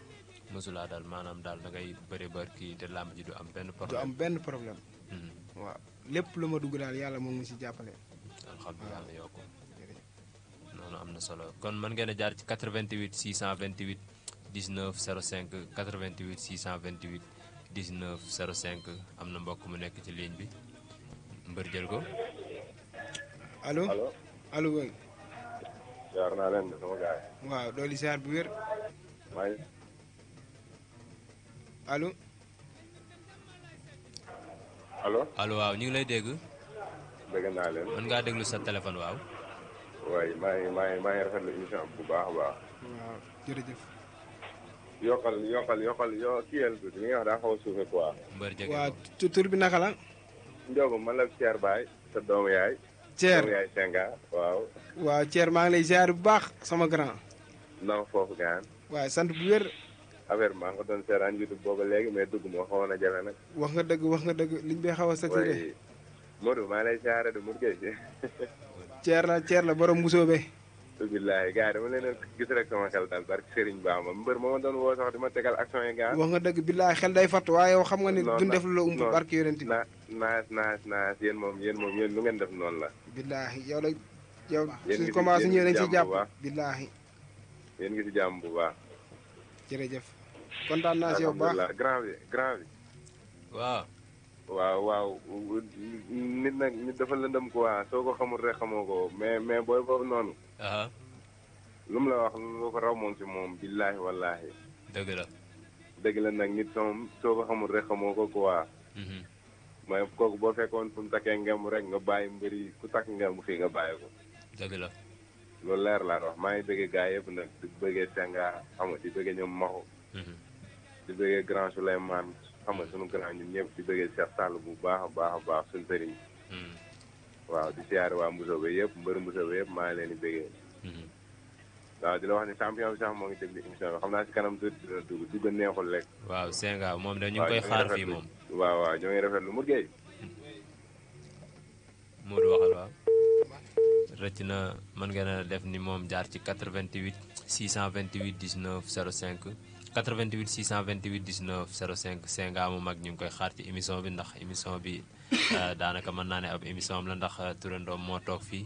mësulaa dal maanaam daal da ngay bëri ba kii te làmb ji du am benn problème. am benn problème. Hmm. waaw lépp lu ma dugg daal yàlla moom mu si jàppale. alhamdulilah yokku loolu am na solo kon mën ngeen a jaar ci 88 628 19 05 88 628 19 05 am na mbokk mu nekk ci ligne bi mbër jël ko. allo allo allo. jaar naa leen sama gars yi. waaw dooli jaar bu wér. maa ngi. allo. allo. allo waaw ñu ngi lay dégg. dégg naa leen. mën ngaa déglu sa téléphone waaw. waaye maa ngi maa ngi maa ngi rafetlu émission bu baax a baax. waaw jërëjëf. yokkal yokkal yokkal yo kiyal bi li nga wax daa xaw a suufe quoi. mbër jege waaw tur bi naka la. Ndiobo man la Thier Baye sa doomu yaay. Thier doomu yaay Senga waaw. waaw Thier maa ngi lay ziar bu baax sama grand. non foofu gaan. waaw sant bu wér. affaire maa nga doon seeraan YouTube booba léegi mais dugg moo xawoon a jafe nag. wax nga dëgg wax nga dëgg liñ bay xaw a saturé. Modou maa lay ziare de Modou Gueye. ceer la ceer la borom musóobe billaay gars yi dama leen gis rek sama xel daal barki Serigne Bamba mbër moo ma doon woo sax di ma tegal action yi gars wax nga dëgg billaay xel day fatt waaye xam nga ni duñ def lu la ump barki yonent bi naa naas naas naas moom yéen moom yéen lu ngeen def noonu la billaay yow la yow suñ commencé ñëw nañ si jàpp billaay yéen ngi si jàmm bu baax jërëjëf kontaan naa si baax grand bi grand waaw waaw nit nag nit dafa lëndëm quoi soo ko xamul rek xamoo ko mais mais booy boobu noonu. lu mu la wax lu ko raw moom si moom billaahi wallaahi. dëgg la. dëgg la nag nit moom soo ko xamul rek xamoo ko quoi. Mhm. mooy kooku boo fekkoon fu mu takkee ngem rek nga bàyyi mbir yi ku takk ngem fii nga bàyyi ko. dëgg la. loolu leer laa wax maa ngi bëggee gaa yëpp nag di bëggee Senga xam nga di bëggee ñoom Maxu. Mhm. di bëggee Grand Souleymane xam nga sunu grand ñun ñëpp bëggee Cheikh Sall bu baax baax baax suñu hmm. waaw di siyaare waa Mboussobe yëpp mbëru Mboussobe maa ngi leen di bëggee. Hmm. di la wax ne champion moo ngi déglu émission bi naa si kanam tuuti dina dugg neexul rek. waaw Senga moom da ñu ngi koy xaar fii moom. waaw waaw ñoo ngi rafetlu Modou Gueye. Modou waxal waaw. rëcc na mën ngeen def ni moom jaar ci 88 628 19 05. 88 628 19 05 Senga mu mag ñu ngi koy xaar ci émission bi ndax émission bi euh, daanaka mën naa ne ab émission la ndax euh, turandoom moo toog fii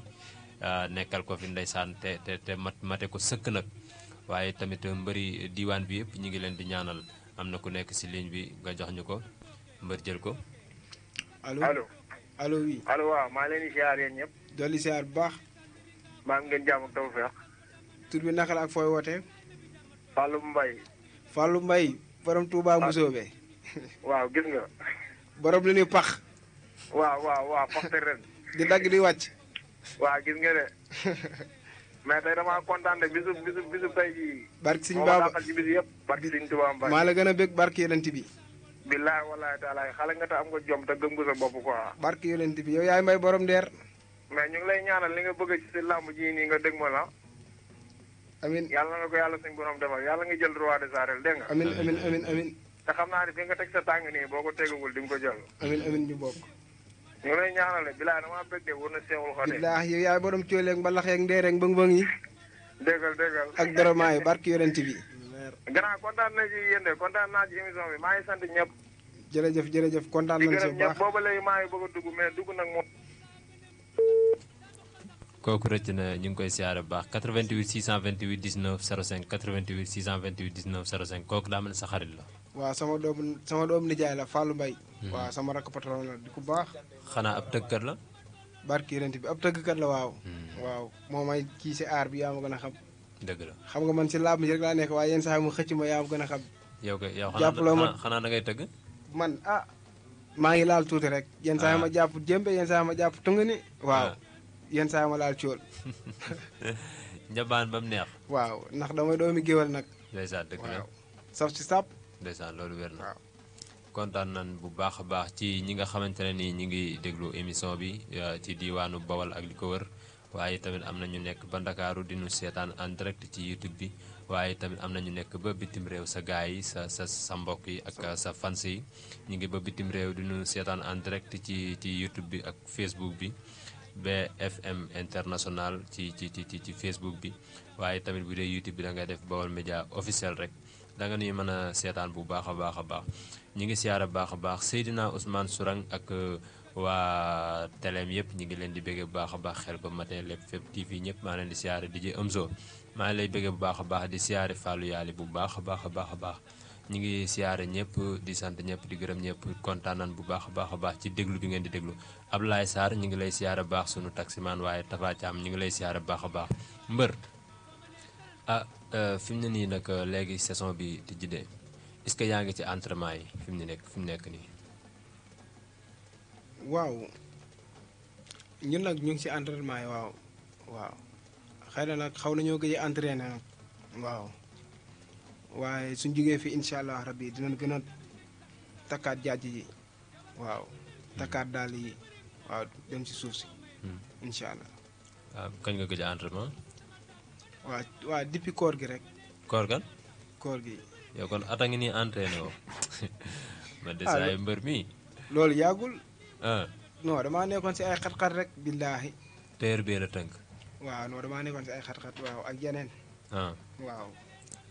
euh, nekkal ko fi ndeysaan te te te mate ko sëkk nag waaye tamit mbëri diiwaan bi yëpp ñu ngi leen di ñaanal am na ku nekk si ligne bi nga jox ñu ko mbër jël ko. alo alo allo maa leen siyaar yéen ñëpp. dolli siyaar bu baax. maa ngi leen jàmm ak tawfeex. tur bi naka la ak fooy wootee. Fallou Mbaye. Fallou Mbaye borom Touba Mousobé. waaw gis nga. borom li ñuy pax. waaw waaw waaw pax te ren. di dagg di wàcc. waaw gis nga de. mais tey damaa kontaan de bisu bisu bisu tey jii. barke Sëñ Baaba ci bisu yëpp la gën a bëgg barke yonent bi. billaay walaay taalaay xale nga te am nga jom te gëm nga sa ko quoi. barke yonent bi yow yaay may borom deer mais ñu ngi lay ñaanal li nga bëgg ci si làmb ji nii nga dégg ma la. amiin yàlla nga ko yàlla suñu borom defal yàlla nga jël roi des arènes dégg nga. amiin amiin amiin amiin. te xam naa ne fi nga teg sa tàng nii boo ko tegagul di nga ko jël. amiin amiin ñu bokk. ñu lay ñaanale bilaay damaa bëgg de war na seewul xale. bilaay yow yaay borom cooleeg mbalax yeeg ndee rek bëng bëng yi. déggal déggal ak doromaay barki yonent bi. gannaaw kontaan na ci yéen kontaan naa ci émission bi maa ngi sant ñëpp. jërëjëf jërëjëf kontaan nañu si bu baax ñëpp booba léegi maa ngi bëgg a dugg mais dugg nag moom kooku rëcc na ñu ngi koy siyaare bu baax 88 628 19 05 88 628 19 05 kooku daa mel sa xarit la. waaw sama doomu sama doomu nijaay la Fallou Mbaye. Hmm. waaw sama rakk patron la di ku baax. xanaa ab tëggkat la. rent bi ab tëggkat la waaw. Hmm. waaw moo may kii si aar bi yaa ma gën a xam. dëgg la xam nga man si laab mi rek laa nekk waaye yenn saa yi mu xëcc ma yaa ma gën a xam. yow kay yow xanaa xanaa da ngay tëgg. man ah maa ngi laal tuuti rek. yenn saa yi ah. ma jàpp jëmbe yenn saa ma jàpp tëngani waaw. Ah. yenn saa ma laal cool. njabaan ba neex. waaw ndax damay doomi géwél nag. ndeysaan dëgg la saf ci sàpp. ndeysaan loolu wér na. kontaan nan bu baax a baax ci ñi nga xamante ne ni ñu ngi déglu émission bi euh, ci diwaanu Bawal ak li ko wër waaye tamit am na ñu nekk ba Ndakaaru dinu seetaan en ci YouTube bi waaye tamit am na ñu nekk ba bitim réew sa gars yi sa sa sa mbokk yi ak sa fans yi ñu ngi ba bitim réew di ñu seetaan en ci ci YouTube bi ak Facebook bi. BFM international ci ci ci ci Facebook bi waaye tamit bu dee YouTube bi da ngay def Baol Média officiel rek da nga nuy mën a seetaan bu baax a baax a baax ñi ngi siyaara baax a baax Seydina Ousmane Sourang ak waa teleem yëpp ñi ngi leen di bëggee bu baax a baax xel ba matin lépp fépp TV ñëpp maa leen di siyaare di jee Amzo maa ngi lay bëggee bu baax a baax di siyaare Fallou Yaali bu baax a baax a baax a baax ñu ngi siyaare ñëpp di sant ñëpp di gërëm ñëpp kontaan nañ bu baax a baax a baax ci déglu bi ngeen di déglu Abdoulaye Sarr ñu ngi lay siyaare baax sunu taximaan waaye Tafa Thiam ñu ngi lay siyaare baax a baax mbër ah euh, fi mu ne nii nag euh, léegi saison bi di jidee est-ce que yaa ngi ci entraînement yi fi mu nekk fi mu nekk nii. waaw ñun nag ñu ngi ci entraînement yi waaw waaw xëy na nag xaw nañoo gëj a entraîné nag waaw waaye suñ jógee fi incha allah rabi dinañ gën a takkaat jaaj yi waaw takkaat daal yi waaw dem si suuf si. Hmm. incha allah. waaw ah, kañ nga gëj a entraînement. waa waa koor gi rek. koor gan. koor gi. yow kon ata ngi ni entraîné woo. man de saa mbër mi. loolu yàggul. ah non damaa nekkoon si ay xat-xat rek billaahi. teer bee la tënk. waaw non damaa nekkoon si ay xat-xat waaw ak yeneen. Ah. waaw.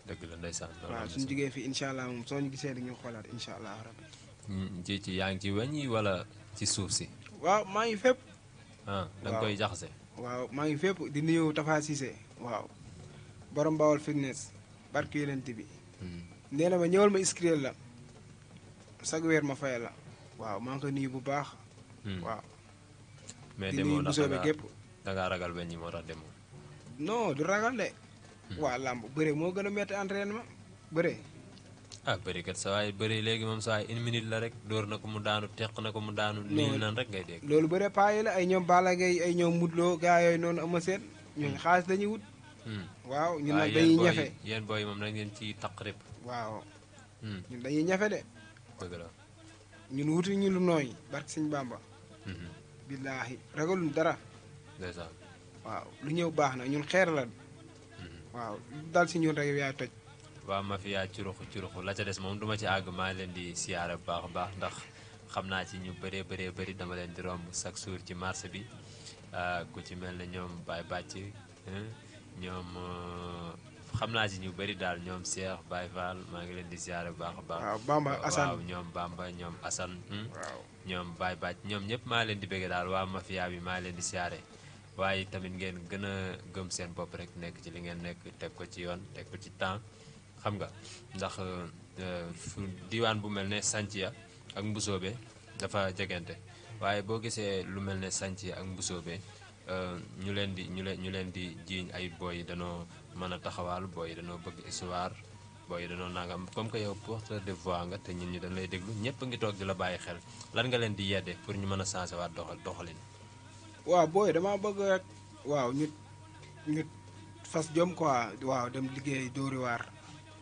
dëgg la ndeysaan. waaw suñu jugee fi incha allah moom soo ñu gisee dañuy xoolaat incha allah rabbi. Hmm, yaa ngi ci weñ yi wala ci suuf si. waaw maa ngi fépp. ah da nga koy jaxase. waaw maa ngi fépp di nuyu Tafa Cissé waaw borom Bawol fitness barki yonent bi. Hmm. nee na ñëwal ma inscrire la chaque weer ma fayal la waaw maa ngi koy bu baax. Hmm. waaw. mais demoo ndax da ngaa ragal ba ñi moo tax demoo. non du ragal de. Hmm. waa làmb bëre moo gën a metti ma bëre. ah bëri kat sa waay léegi moom sa waay minute la rek door na ko mu daanu teq na ko mu daanu. nii nan rek ngay dégg. loolu bëre paa yi la ay ñoom Balla Gaye ay ñoom Modou Lo gaa yooyu noonu ama seen ñun xaalis dañuy wut. Hmm. waaw ñun dañuy ñafe waaw yéen moom da ngeen ciy taq rek. waaw. Hmm. ñafe de. dëgg la. ñun wuti ñu lu nooy barke Sëñ Bàmba. Hmm. billaahi ragalum dara. ndeysaan. waaw lu ñëw baax na ñun xeer la. waaw dal si ñun rek yaa toj. waa mafia curuxu curuxu la ca des moom duma ci àgg maa leen di siyaara bu baax a baax ndax xam naa ci ñu bëree bëree bëri dama leen di romb chaque jour ci marché bi ah, ku ci mel ne ñoom Baye Bàcc ñoom euh, xam naa ci ñu bëri daal ñoom Cheikh baay Fall maa ngi leen di siyaare bu baax a baax. waaw Bamba ñoom Bamba ñoom Assane. Hmm, ñoom Baye Bàcc ñoom ñëpp maa leen di bëgg daal waa mafia bi maa leen di siyaare. waaye tamit ngeen gën a gëm seen bopp rek nekk ci li ngeen nekk teg ko ci yoon teg ci temps. xam nga ndax fu euh, euh, diwaan bu mel ne Santhia ak Mbusoobe dafa jegante waaye boo gisee lu mel ne Santhia ak Mbusoobe euh, ñu leen di ñu leen ñu leen di jiiñ ay booy yi danoo mën a taxawaal booy yi danoo bëgg histoire booy yi danoo nangam comme que yow porteur de voix nga te ñun ñi dañ lay déglu ñëpp a ngi toog di la bàyyi xel lan nga leen di yedde pour ñu mën a changé waat doxal doxalin. waaw booy damaa bëgg rek waaw ñu ñu fas jom quoi waaw dem liggéey dóori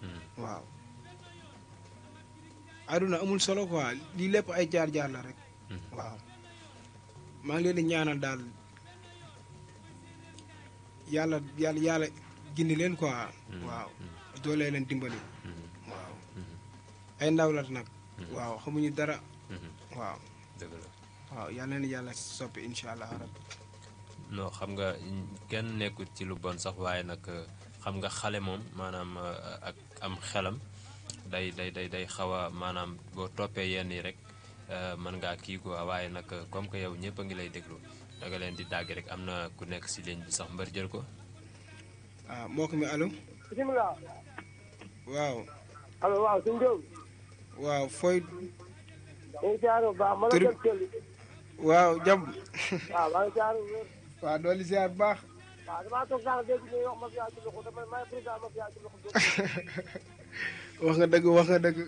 Hmm. waaw aduna amul solo quoi lii lépp ay jaar-jaar la rek hmm. waaw maa ngi leen di ñaanal daal yàlla yàlla yàlla gindi leen quoi hmm. waaw doolee leen dimbali waaw ay ndaw la nag waaw xamuñu dara waaw dëgg la yàlla na yàlla soppi incha allah rabbi non xam nga kenn nekkul ci lu bon sax waaye nag xam nga xale moom maanaam uh, ak am xelam day day day day xaw a maanaam boo toppee yenn yi rek uh, man nga kii quoi waaye nag comme que yow ñëpp a ngi lay déglu da leen di dàgg rek am na ku nekk si ligne bi sax mbër jël ko. ah moo ko mi allo. waaw. fooy. tur. waaw jàmm. baax. waaw damaa toog sànq dégg ñuy wax mafia ci loxo dama may président mafia ci loxo. wax nga dëgg wax nga dëgg.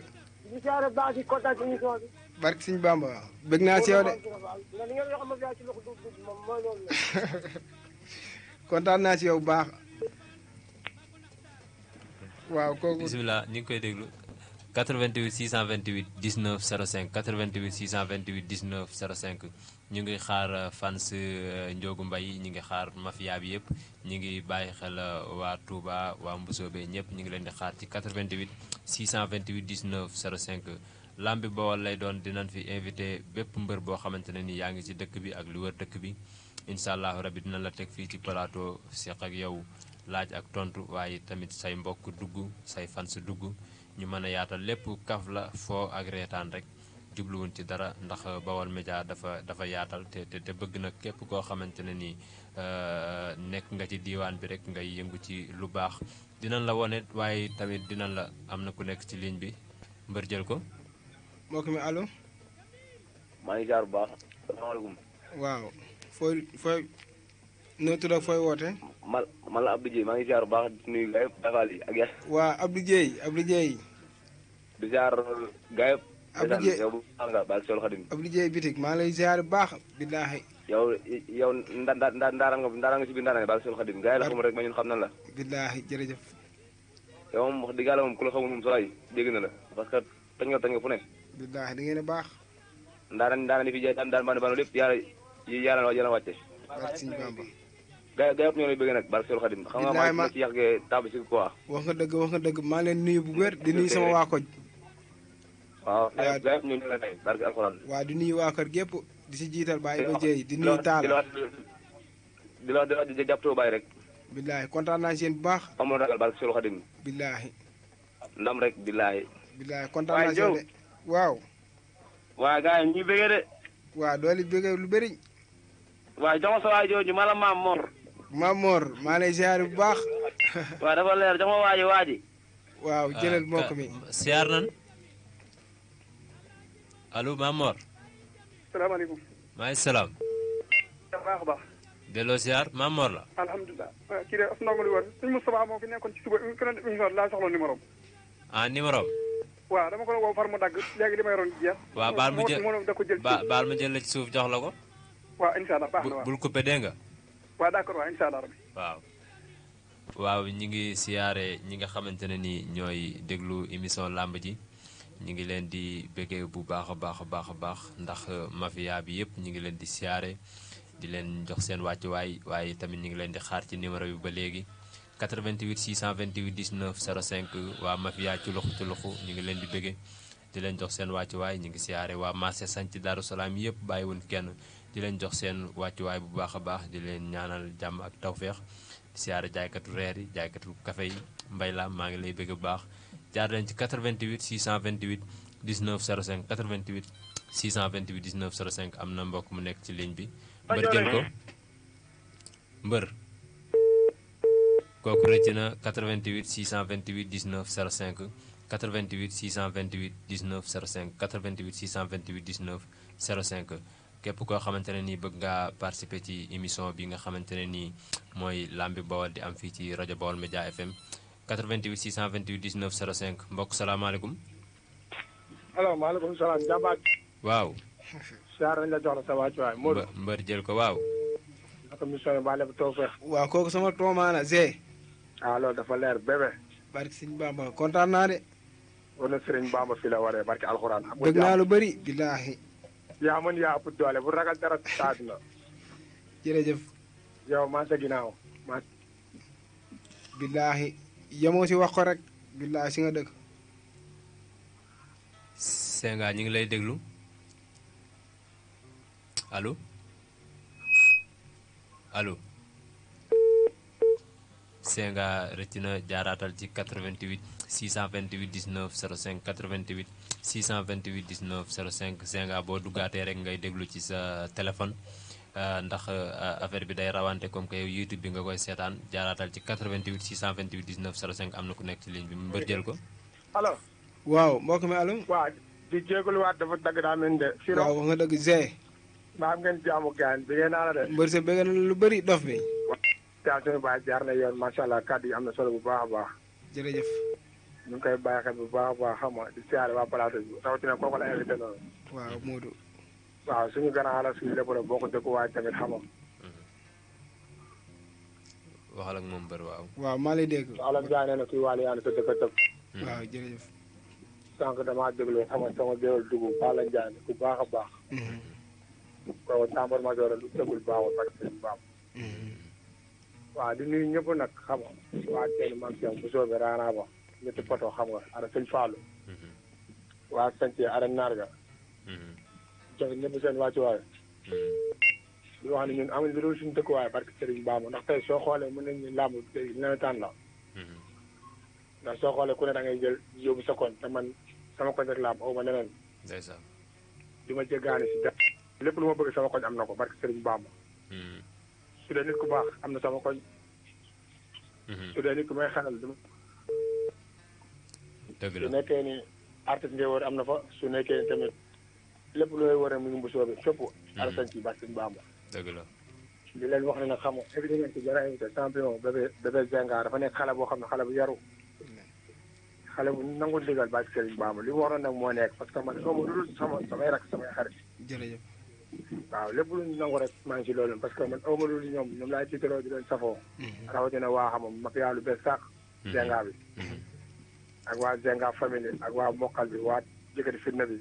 ñu siyaare baax ci kontaan ci émission bi. barke Sëñ Bamba. bëgg naa si yow de. li ngeen wax mafia ci loxo du moom mooy loolu la. kontaan naa si yow baax. waaw kooku bisimilah ñu ngi koy déglu. 88 628 19 05 88 628 19 05. ñu ngi xaar euh, fans euh, njoogu mbay ñu ngi xaar mafia bi yëpp ñu ngi bàyyi xel euh, waa Touba waa Mbusoobe ñëpp ñu ngi leen di xaar ci 88 628 19 05 lambi Bawol lay doon dinañ fi invité bépp mbër boo xamante ne ni yaa ngi ci dëkk bi ak lu wër dëkk bi incha allahu rabi dinañ la teg fii ci plateau seq ak yow laaj ak tontu waaye tamit say mbokk dugg say fans dugg ñu mën a yaatal lépp kaf la foo ak reetaan rek jubluwuñ ci dara ndax eh, Bawal Média dafa dafa yaatal te te bëgg na képp koo xamante ne nii eh, nekk nga ci diwaan bi rek ngay yëngu ci lu baax dina la wone waaye tamit dina la am na ku nekk ci ligne bi mbër jël ko. mbokk mi allo. maa ngi jaar bu baax. waaw fooy fooy noo tudd fooy woote. man man la Abdou maa ngi jaar bu baax di nuyu gars waa Abdou Dieye Abdou Dieye. di jaar gars ab liggéey ab liggéey bitig maa lay ziar bu baax billaahi yow yow nda nda ndaara nga ndaara nga si biir ndaara nga baal sol xadim gars yi la xamul rek ma ñun xam nan la billaahi jërëjëf yow moom wax dëgg yàlla moom ku la xamul moom sooy dégg na la parce que tañ nga tañ nga fu ne billaahi da ngeen a baax ndaara ndaara ni fi jaay daan daan baan baan lépp yàlla yàlla wa yàlla wàcce barke Sëñ Bamba gars gars yëpp ñoo lay bëgg nag baal sol xadim xam nga ma ci yàq ge tabi si quoi wax nga dëgg wax nga dëgg maa leen nuyu bu wér di nuyu sama waa koñ waaw waaw di nuyu waa kër gépp di si jiital bàyyi ba jéy di nuyu taal di la di rek. billaahi kontaan naa bu baax. amoon ragal barke billaahi. ndam rek billaahi. billaahi kontaan naa si waaw. waa gars yi bëggee de. waa doole bëggee lu bëri. waa jox ma sa waay jooju maam Mor. maam Mor maa lay bu baax. waa dafa leer jox ma waaw jëlal mbokk mi. Euh, allo Mamor. salaamaaleykum. maaleykum salaam. baax a baax. delloo ziar Mamor la. alhamdulilah. Ah, kii de as ndongo li war nekkoon ci ah numéro am. waaw dama ko doon woo dagg léegi li ma jeex. waaw baal mu jël waaw baal mu jël la ci jox la ko. bul coupé dégg nga. waaw d'accord waaw allah rabbi. waaw. ñi ngi siyaare ñi nga xamante ne ni ñooy déglu émission làmb ji. ñu ngi leen di béggee bu baax a baax a baax a baax ndax euh, mafia bi yëpp ñu ngi leen di siyaare di leen jox seen wàccuwaay waaye tamit ñu ngi leen di xaar ci numéro bi ba léegi 88 628 19 05 waa mafia ci loxu ci loxu ñu ngi leen di béggee di leen jox seen wàccuwaay ñu ngi siyaare waa marché sanc Daaru Salaam yëpp bàyyi woon kenn di leen jox seen wàccuwaay bu baax a baax di leen ñaanal jàmm ak tawfeex di siyaare jaaykatu reer yi jaaykatu kafe yi mbay la maa ngi lay bégg bu baax jaar leen ci 88 628 19 05 88 628 19 05 am na mbokk mu nekk ci ligne bi. mbër jël ko mbër. kooku rëcc na 88 628 19 05 88 628 19 05 88 628 19 05 képp koo xamante ne nii bëgg nga participer ci émission bi nga xamante ne nii mooy làmbi Bawol di am fii ci rajo Bawol Média FM. 88 628 19 05 mbokk salaamaaleykum. allo maaleykum salaam jàmbaar. waaw. siyaar la jox la sa wàccuwaay Modou. mbër ko waaw. naka mission bi baale ba taw feex. kooku sama toomaa ah, la Zé. dafa leer bébé. barke sëñ Bamba kontaan naa de. wala sëriñ Bamba fi la waree barke alxuraan. dëgg naa lu bëri billaahi. yaa mën yaa ëpp doole bu ragal dara taat na. jërëjëf. yow maa sa ginnaaw billaahi. yemoo si wax ko rek billaay si nga dëgg Senga ñu ngi lay déglu allo allo Senga rëcc na jaaraatal ci 88 628 19 05 88 628 19 05 Senga boo duggaatee rek ngay déglu ci sa téléphone. Euh, ndax euh, affaire bi day rawante comme que yow YouTube bi nga koy seetaan jaaraatal ci 88 628 19 05 am na ku nekk ci ligne bi mbër ko. allo. waaw mbokk mi allo. waaw di jégaluwaat dafa dagg daa mel de. si waaw wax nga dëgg Zé. maa ngeen jaamu bi ngeen naa lu bëri dof bi. station bi jaar na yoon macha allah kàddu yi am na solo bu baax a baax. jërëjëf. ñu ngi koy bàyyi xel bu baax a baax xam nga di siyaare waa plateau bi rawatina kooku la waaw suñu gànnaaw la suñu lépp la boo ko dëkkuwaay tamit xam nga. Mm-hmm. waxal ak bër waaw. waaw maa lay dégg. Alam Ndiaye nee na kuy waale yàlla te dëkk tëb. waaw jërëjëf. sànq damaa déglu xam nga sama géwél dugub Alam Ndiaye ne ku baax a baax. kooku mm-hmm. Tambour Major lu tëggul baaxul ak seen baam. ñëpp nag xam nga waa Thiel man Thiam bu soobee raanaa ba ñetti poto xam nga ara sëñ Fallou. Mm-hmm. waa Santhie ara Narga. jox ñëpp seen wàccuwaay mm. di wax ne ñun amuñu lu dul suñu parce que Serigne Bamba ndax soo xoolee mën nañu ne làmb léegi mm-hmm. soo xoolee ku ne da ngay jël yóbbu sa koñ te man sama koñ rek làmb aw ma leneen. ndeysaan. ma jéggaane lépp lu ma bëgg sama koñ am na ko parce que Serigne Bamba. Mm-hmm. su dee nit ku baax am na sama koñ. Mm-hmm. su dee nit ku may xelal du ma. dëgg la su am na fa su nekkee tamit. lépp looy waree mu ngi mbu leen wax ne nag xam nga évidemment ci jara invité champion bébé bébé Zenga dafa xale boo xam ne xale bu yaru xale bu nangu ndigal baax sëñ Bamba li mu waroon nag moo nekk parce que man soo sama samay rak lépp lu ñu nangu rek maa ngi ci loolu parce que man aw ma dul ñoom ñoom laay tiitaroo di leen safoo mm-hmm. rawatina waa xamam ma yaalu bés sax Zenga mm-hmm. mm-hmm. bi ak waa Zenga famille ak waa mokkal bi waa jëkkati fitna bi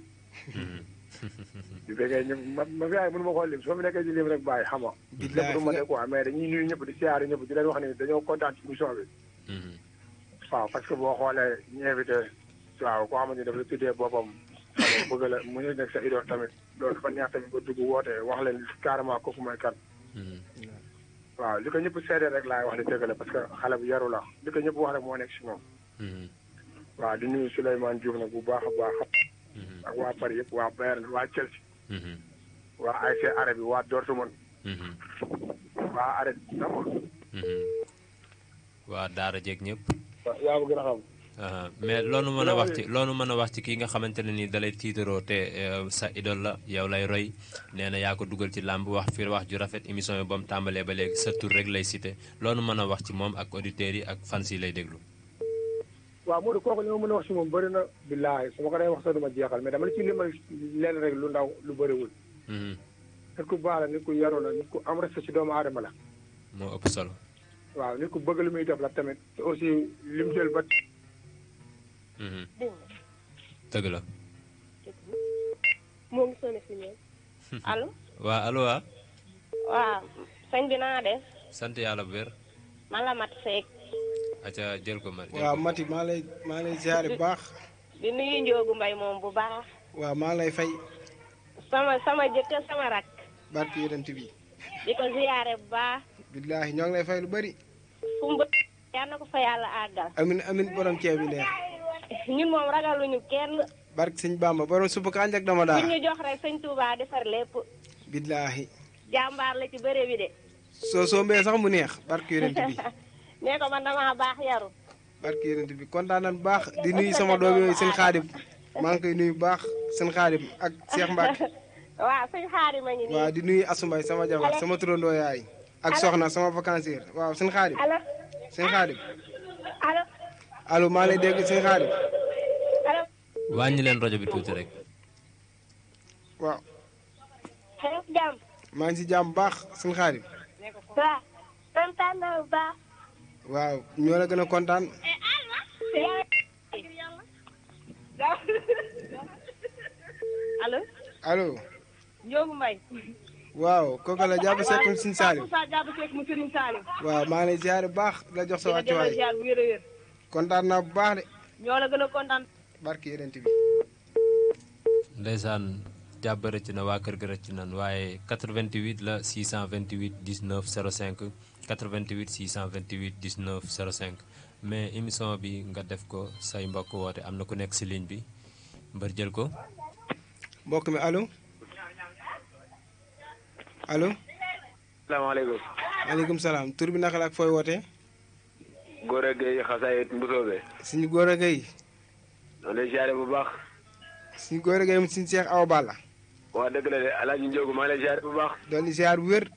su fekkee ñëpp ma ma fi yaay mënu ma koo lim soo fi nekkee di lim rek bàyyi xam nga. lépp lu ma nekk waa mais dañuy nuyu ñëpp di siyaare ñëpp di leen wax ne dañoo kontaan ci émission bi. Mm-hmm. waaw parce que boo xoolee ñu invité waaw koo xamante ni dafa la tuddee boppam mu ngi nekk sa idool tamit loolu dafa neex tamit ba woote wax leen carrément kooku mooy mm-hmm. waaw li ko ñëpp seede rek laay wax di dëgg la parce que xale bu yaru la ko ñëpp wax moo nekk si moom. Mm-hmm. waaw di nuyu Souleymane Diouf nag bu baax a baax. Mm-hmm. ak waa Paris waa Bayern waa Chelsea. Mm-hmm. Mm-hmm. waa Daara jeeg ñëpp. yaa ma gën a uh-huh. mais loolu mën a wax ci loolu mën a wax ci kii nga xamante ne nii dalay tiitaroo te uh, sa idole la yow lay roy nee na yaa ko dugal ci làmb wax fi wax ju rafet émission yi ba mu tàmbalee ba léegi sa tur rek lay cité loolu mën a wax ci moom ak auditeurs yi ak fans yi lay déglu. waaw Modou kooku li ma mën a wax si moom bëri na billaahi su ma ko dee wax sax du ma jeexal mais dama la ci limal leen rek lu ndaw lu bëriwul. Mhm. nit ku baax la nit ku yaru la nit ku am respect ci doomu aadama la. moo ëpp solo. waaw nit ku bëgg lu muy def la tamit te aussi lim jël ba. Mhm. dëgg la. moo ngi sonné si ñoom. allo. waaw allo waaw. waaw bi naa def. sant yàlla bu wér. man la Mat Seck. aca jël ko ma waaw Mati maa lay maa bu baax. di nuyu Ndiogu Mbaye moom bu baax. waaw maa lay fay. sama sama jëkkër sama rak. barke yonent bi. ko ziare bu baax. billaahi ñoo lay fay lu bari. kumba yal na ko fa yàlla amin amin borom ñun moom ragaluñu kenn. barke sëñ Bamba borom supp kànja ak dama daa. bu ñu jox rek sëñ Touba defar lépp. billaahi. jàmbaar la ci de. soo soo sax mu neex barke yonent bi. nee ko man damaa baax yaru barki yonent bi kontaan baax di nuy sama doom yooyu seen xaadim maa ngi koy nuyu baax seen xaadim ak Cheikh mbaak waaw seen xaadim a ngi nii. waaw di nuyu Asumbaay sama jabar sama turandoo yaay. ak soxna sama vacancière waaw seen xaadim. allo seen xaadim. allo. allo maa lay dégg seen leen rajo bi tuuti rek. waaw. maa ngi si jàmm baax seen xaadim. bu baax. waaw ñoo la gën a kontaan. allo. allo. Ndiogu Mbaye. waaw kooku la jàpp sekk mu Sëriñ Salim waaw maa ngi baax la jox sa wàccuwaay kontaan naa bu baax de. ñoo la gën a kontaan. barki yéen bi. ndeysaan jàpp rëcc na waa kër gi rëcc nañ waaye 88 la 628 19 05. 88 628 19 05 mais émission bi nga def ko say mbokk woote am na ku nekk si ligne bi mbër jël ko. mbokk mi alo allo. salaamaaleykum. maaleykum salaam tur bi naka la ak fooy wootee. Gora Gueye Xasaayit Mbusoobe. suñu Gora Gueye. ñoo lay ziare bu baax. suñu Gora Gueye mu suñu Cheikh Awa Balla. waa dëgg la de El Hadj Ndiogou maa ngi lay bu baax. doon ziare bu wér.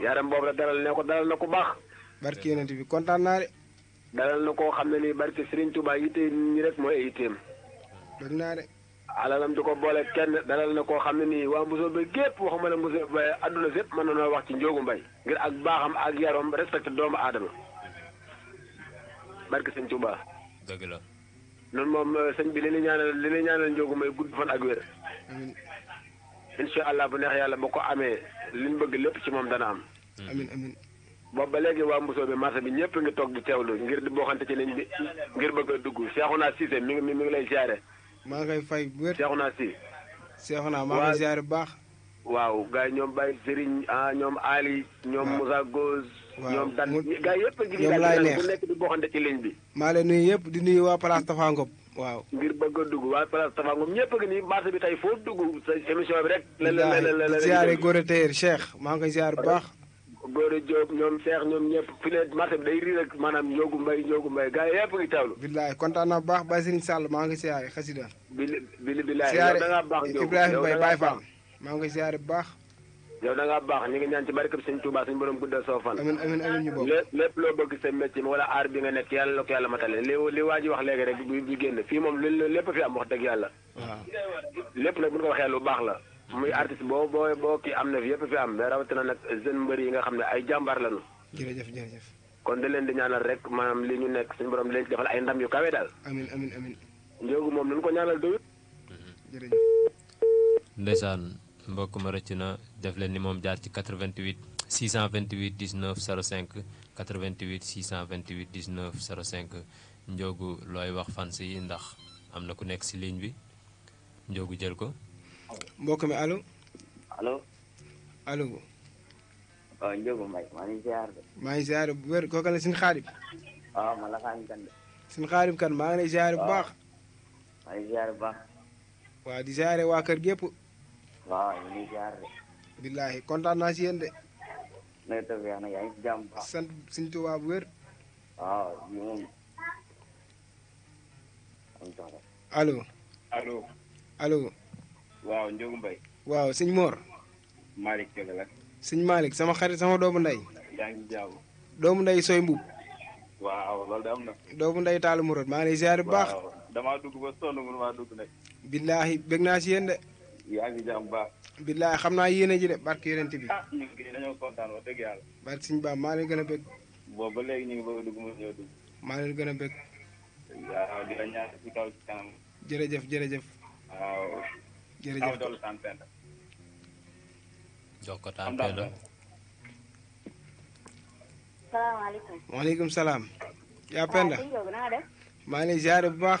yaram boobu la dalal ne ko dalal na ko baax. barki yonent bi kontaan naa de. dalal na koo xam ne nii barki Serigne Touba yitte ñi rek mooy yitteem. dëgg naa de. alalam du ko boole kenn dalal na koo xam ne nii waa Mbousoo ba waxuma ne Mbousoo ba àdduna sépp mën na noo wax ci Ndiogou Mbaye ngir ak baaxam ak yaram respecté doomu aadama barki Serigne Touba. dëgg la. noonu moom euh, sëñ bi li la ñaanal li la ñaanal Ndiogou Mbaye gudd fan ak wér. incha allah bu neex yàlla bu ko amee liñ bëgg lépp ci moom dana am. Mm-hmm. amin amin boobu ba léegi waa Mbusoo bi marché bi ñëpp ngi toog di teewlu ngir di booxante ci liñ bi ngir bëgg a dugg Cheikhouna Cissé mi ngi mi ngi lay ziare. maa ngi koy fay bu wér Cheikhouna Cissé. Cheikhouna maa ngi lay ziare bu baax. waaw gaa yi ñoom Baye Serigne ah ñoom Ali. ñoom musa Gose. ñoom Dan gars yëpp a ngi. ñoom laay neex bu nekk di booxante ci liñ bi. maa leen nuyu yëpp di nuy waa Place Tafa Ngop waaw ngir bëgg a dugg waaye place Tapha Ngom ñëpp ngi nii marché bi tey foo dugg sa émission bi rek. la la la la ziare Gora Téer Cheikh maa ngi koy ziar bu baax. Gora Diop ñoom Cheikh ñoom ñëpp fi ne bi day ri rek maanaam Ndiogu Mbaye Ndiogu Mbaye gars yi yëpp a ngi teewlu. billaay kontaan naa baax Baye Serigne Sall maa ngi koy ziare xasida. bi bi billaay yow da ngaa baax Ndiogu Ibrahima Mbaye Baye Fall maa ngi koy bu baax. yow da baax ñu ngi ñaan ci barkeb sëñ Tuubaa suñu borom guddal soo fan lépp loo bëgg sa métier wala aar bi nga nekk yàlla la ko yàlla matale li waa ji wax léegi rek bu bi génn fii moom lu lépp fi am wax dëgg yàlla lépp nag bu ñu ko waxee lu baax la muy artiste boo boo boo kii am na fi yëpp fi am mais na nag jeune mbër yi nga xam ne ay jàmbaar lañu jërëjëf jërëjëf kon da leen di ñaanal rek maanaam li ñu nekk suñ borom leen ci defal ay ndam yu kawe daal amiin amiin amiin njóogu moom lu ñu ko ñaanal doyut jërëjëf ndeysaan mbokk ma rëcc na def leen ni moom jaar ci 88 628 19 05 88 628 19 05 Ndiogu looy wax fans yi ndax am na ku nekk si ligne bi njogu jël ko. mbokk mi alo alo allo. waaw Ndiogu Mbaye maa ngi ziar bu wér kooku la suñu xaarib. waaw man la xaarib kan de. suñu xaarib kan maa ngi lay ziar bu baax. maa ngi ziar bu baax. waa di ziare waa kër gépp waaw ñu billaahi kontaan naa si yéen de. na nga tëb yaa ngi si jàmm bu baax. sant suñu tubaab wér. waaw ñu moom. allo. waaw Ndiogou Mbaye. waaw sëñ la. sëñ Malick sama xarit sama doomu ndey. yaa ngi jàmm. Soy Mbub. waaw loolu de am na. doomu ndey Talla Mourad maa ngi lay ziar bu baax. waaw damaa dugg ba sonn mënu maa dugg nag. billaahi bëgg naa si de. yaa ngi jàmm baax. billaay xam naa yéene ji de bark yonent bi. ah ñu ngi dañoo kontaan yàlla. barke suñu baax maa leen gën a bëgg. boobu ba léegi ñu ngi bëgg a dugg mu ñëw leen gën a bëgg. waaw di la ñaan ci kaw ci kanam. jërëjëf jërëjëf. waaw. jërëjëf aw salaam. yaa ah, Penda. maa ngi lay bu baax.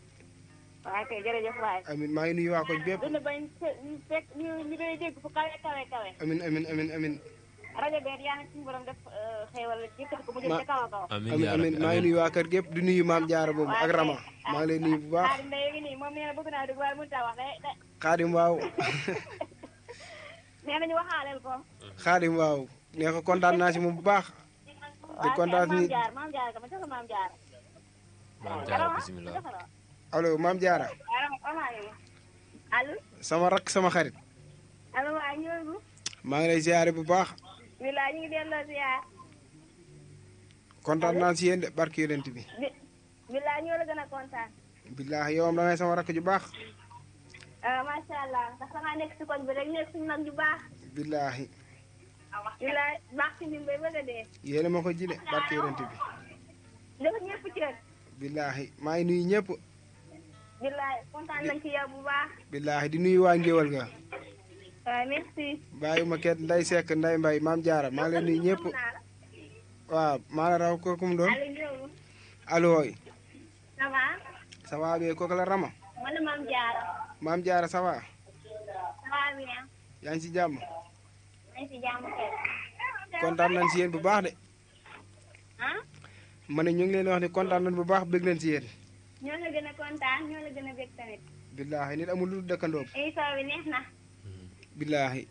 waaw ah, kay jërëjëf maa ngi nuyu waa koñ bépp. kër gépp di nuyu maam jaara boobu ak Rama. maa ngi lay nuyu bu baax Xaadim léegi nii moom nee eh, eh. waaw. nee nañu waxaaleel ko. Xaadim waaw nee moom bu baax. di kontaan si waaw maam jaara maam jaara dama jox allo maam Diarra. allo. sama rakk sama xarit. allo waa Ndiogu. maa ngi lay bu baax. walaay ñu ngi delloo ziar. kontaan naa si yéen de barke yonent bi. bilaay ñoo la gën a kontaan. bilaay am da ngay sama rakk ju baax. ah euh, macha allah ndax dangaa nekk si koñ bi rek baax. bilaay. bay bëgg a dee. yéen ma ko ji de barke yonent bi. def ñëpp cër. ñëpp. billaay di nuyu waa Ngéwal nga. waaw merci. nday sekk nday mbay maam jaara maa leen nuyu ñëpp. waaw maa la raw kooku mu doon. allo. ça va. ça va la Rama. man maam jaara. maam jaara ça yaa ngi ci jàmm. yaa ngi ci kontaan nañ ci yéen bu baax de. ah. ma ne ngi leen wax ni kontaan bu baax bëgg nañ ci yéen. ñoo la gën a kontaan ñoo la gën a bég tamit. billaahi nit amul lu dëkkandoo. émission bi neex na. billaahi.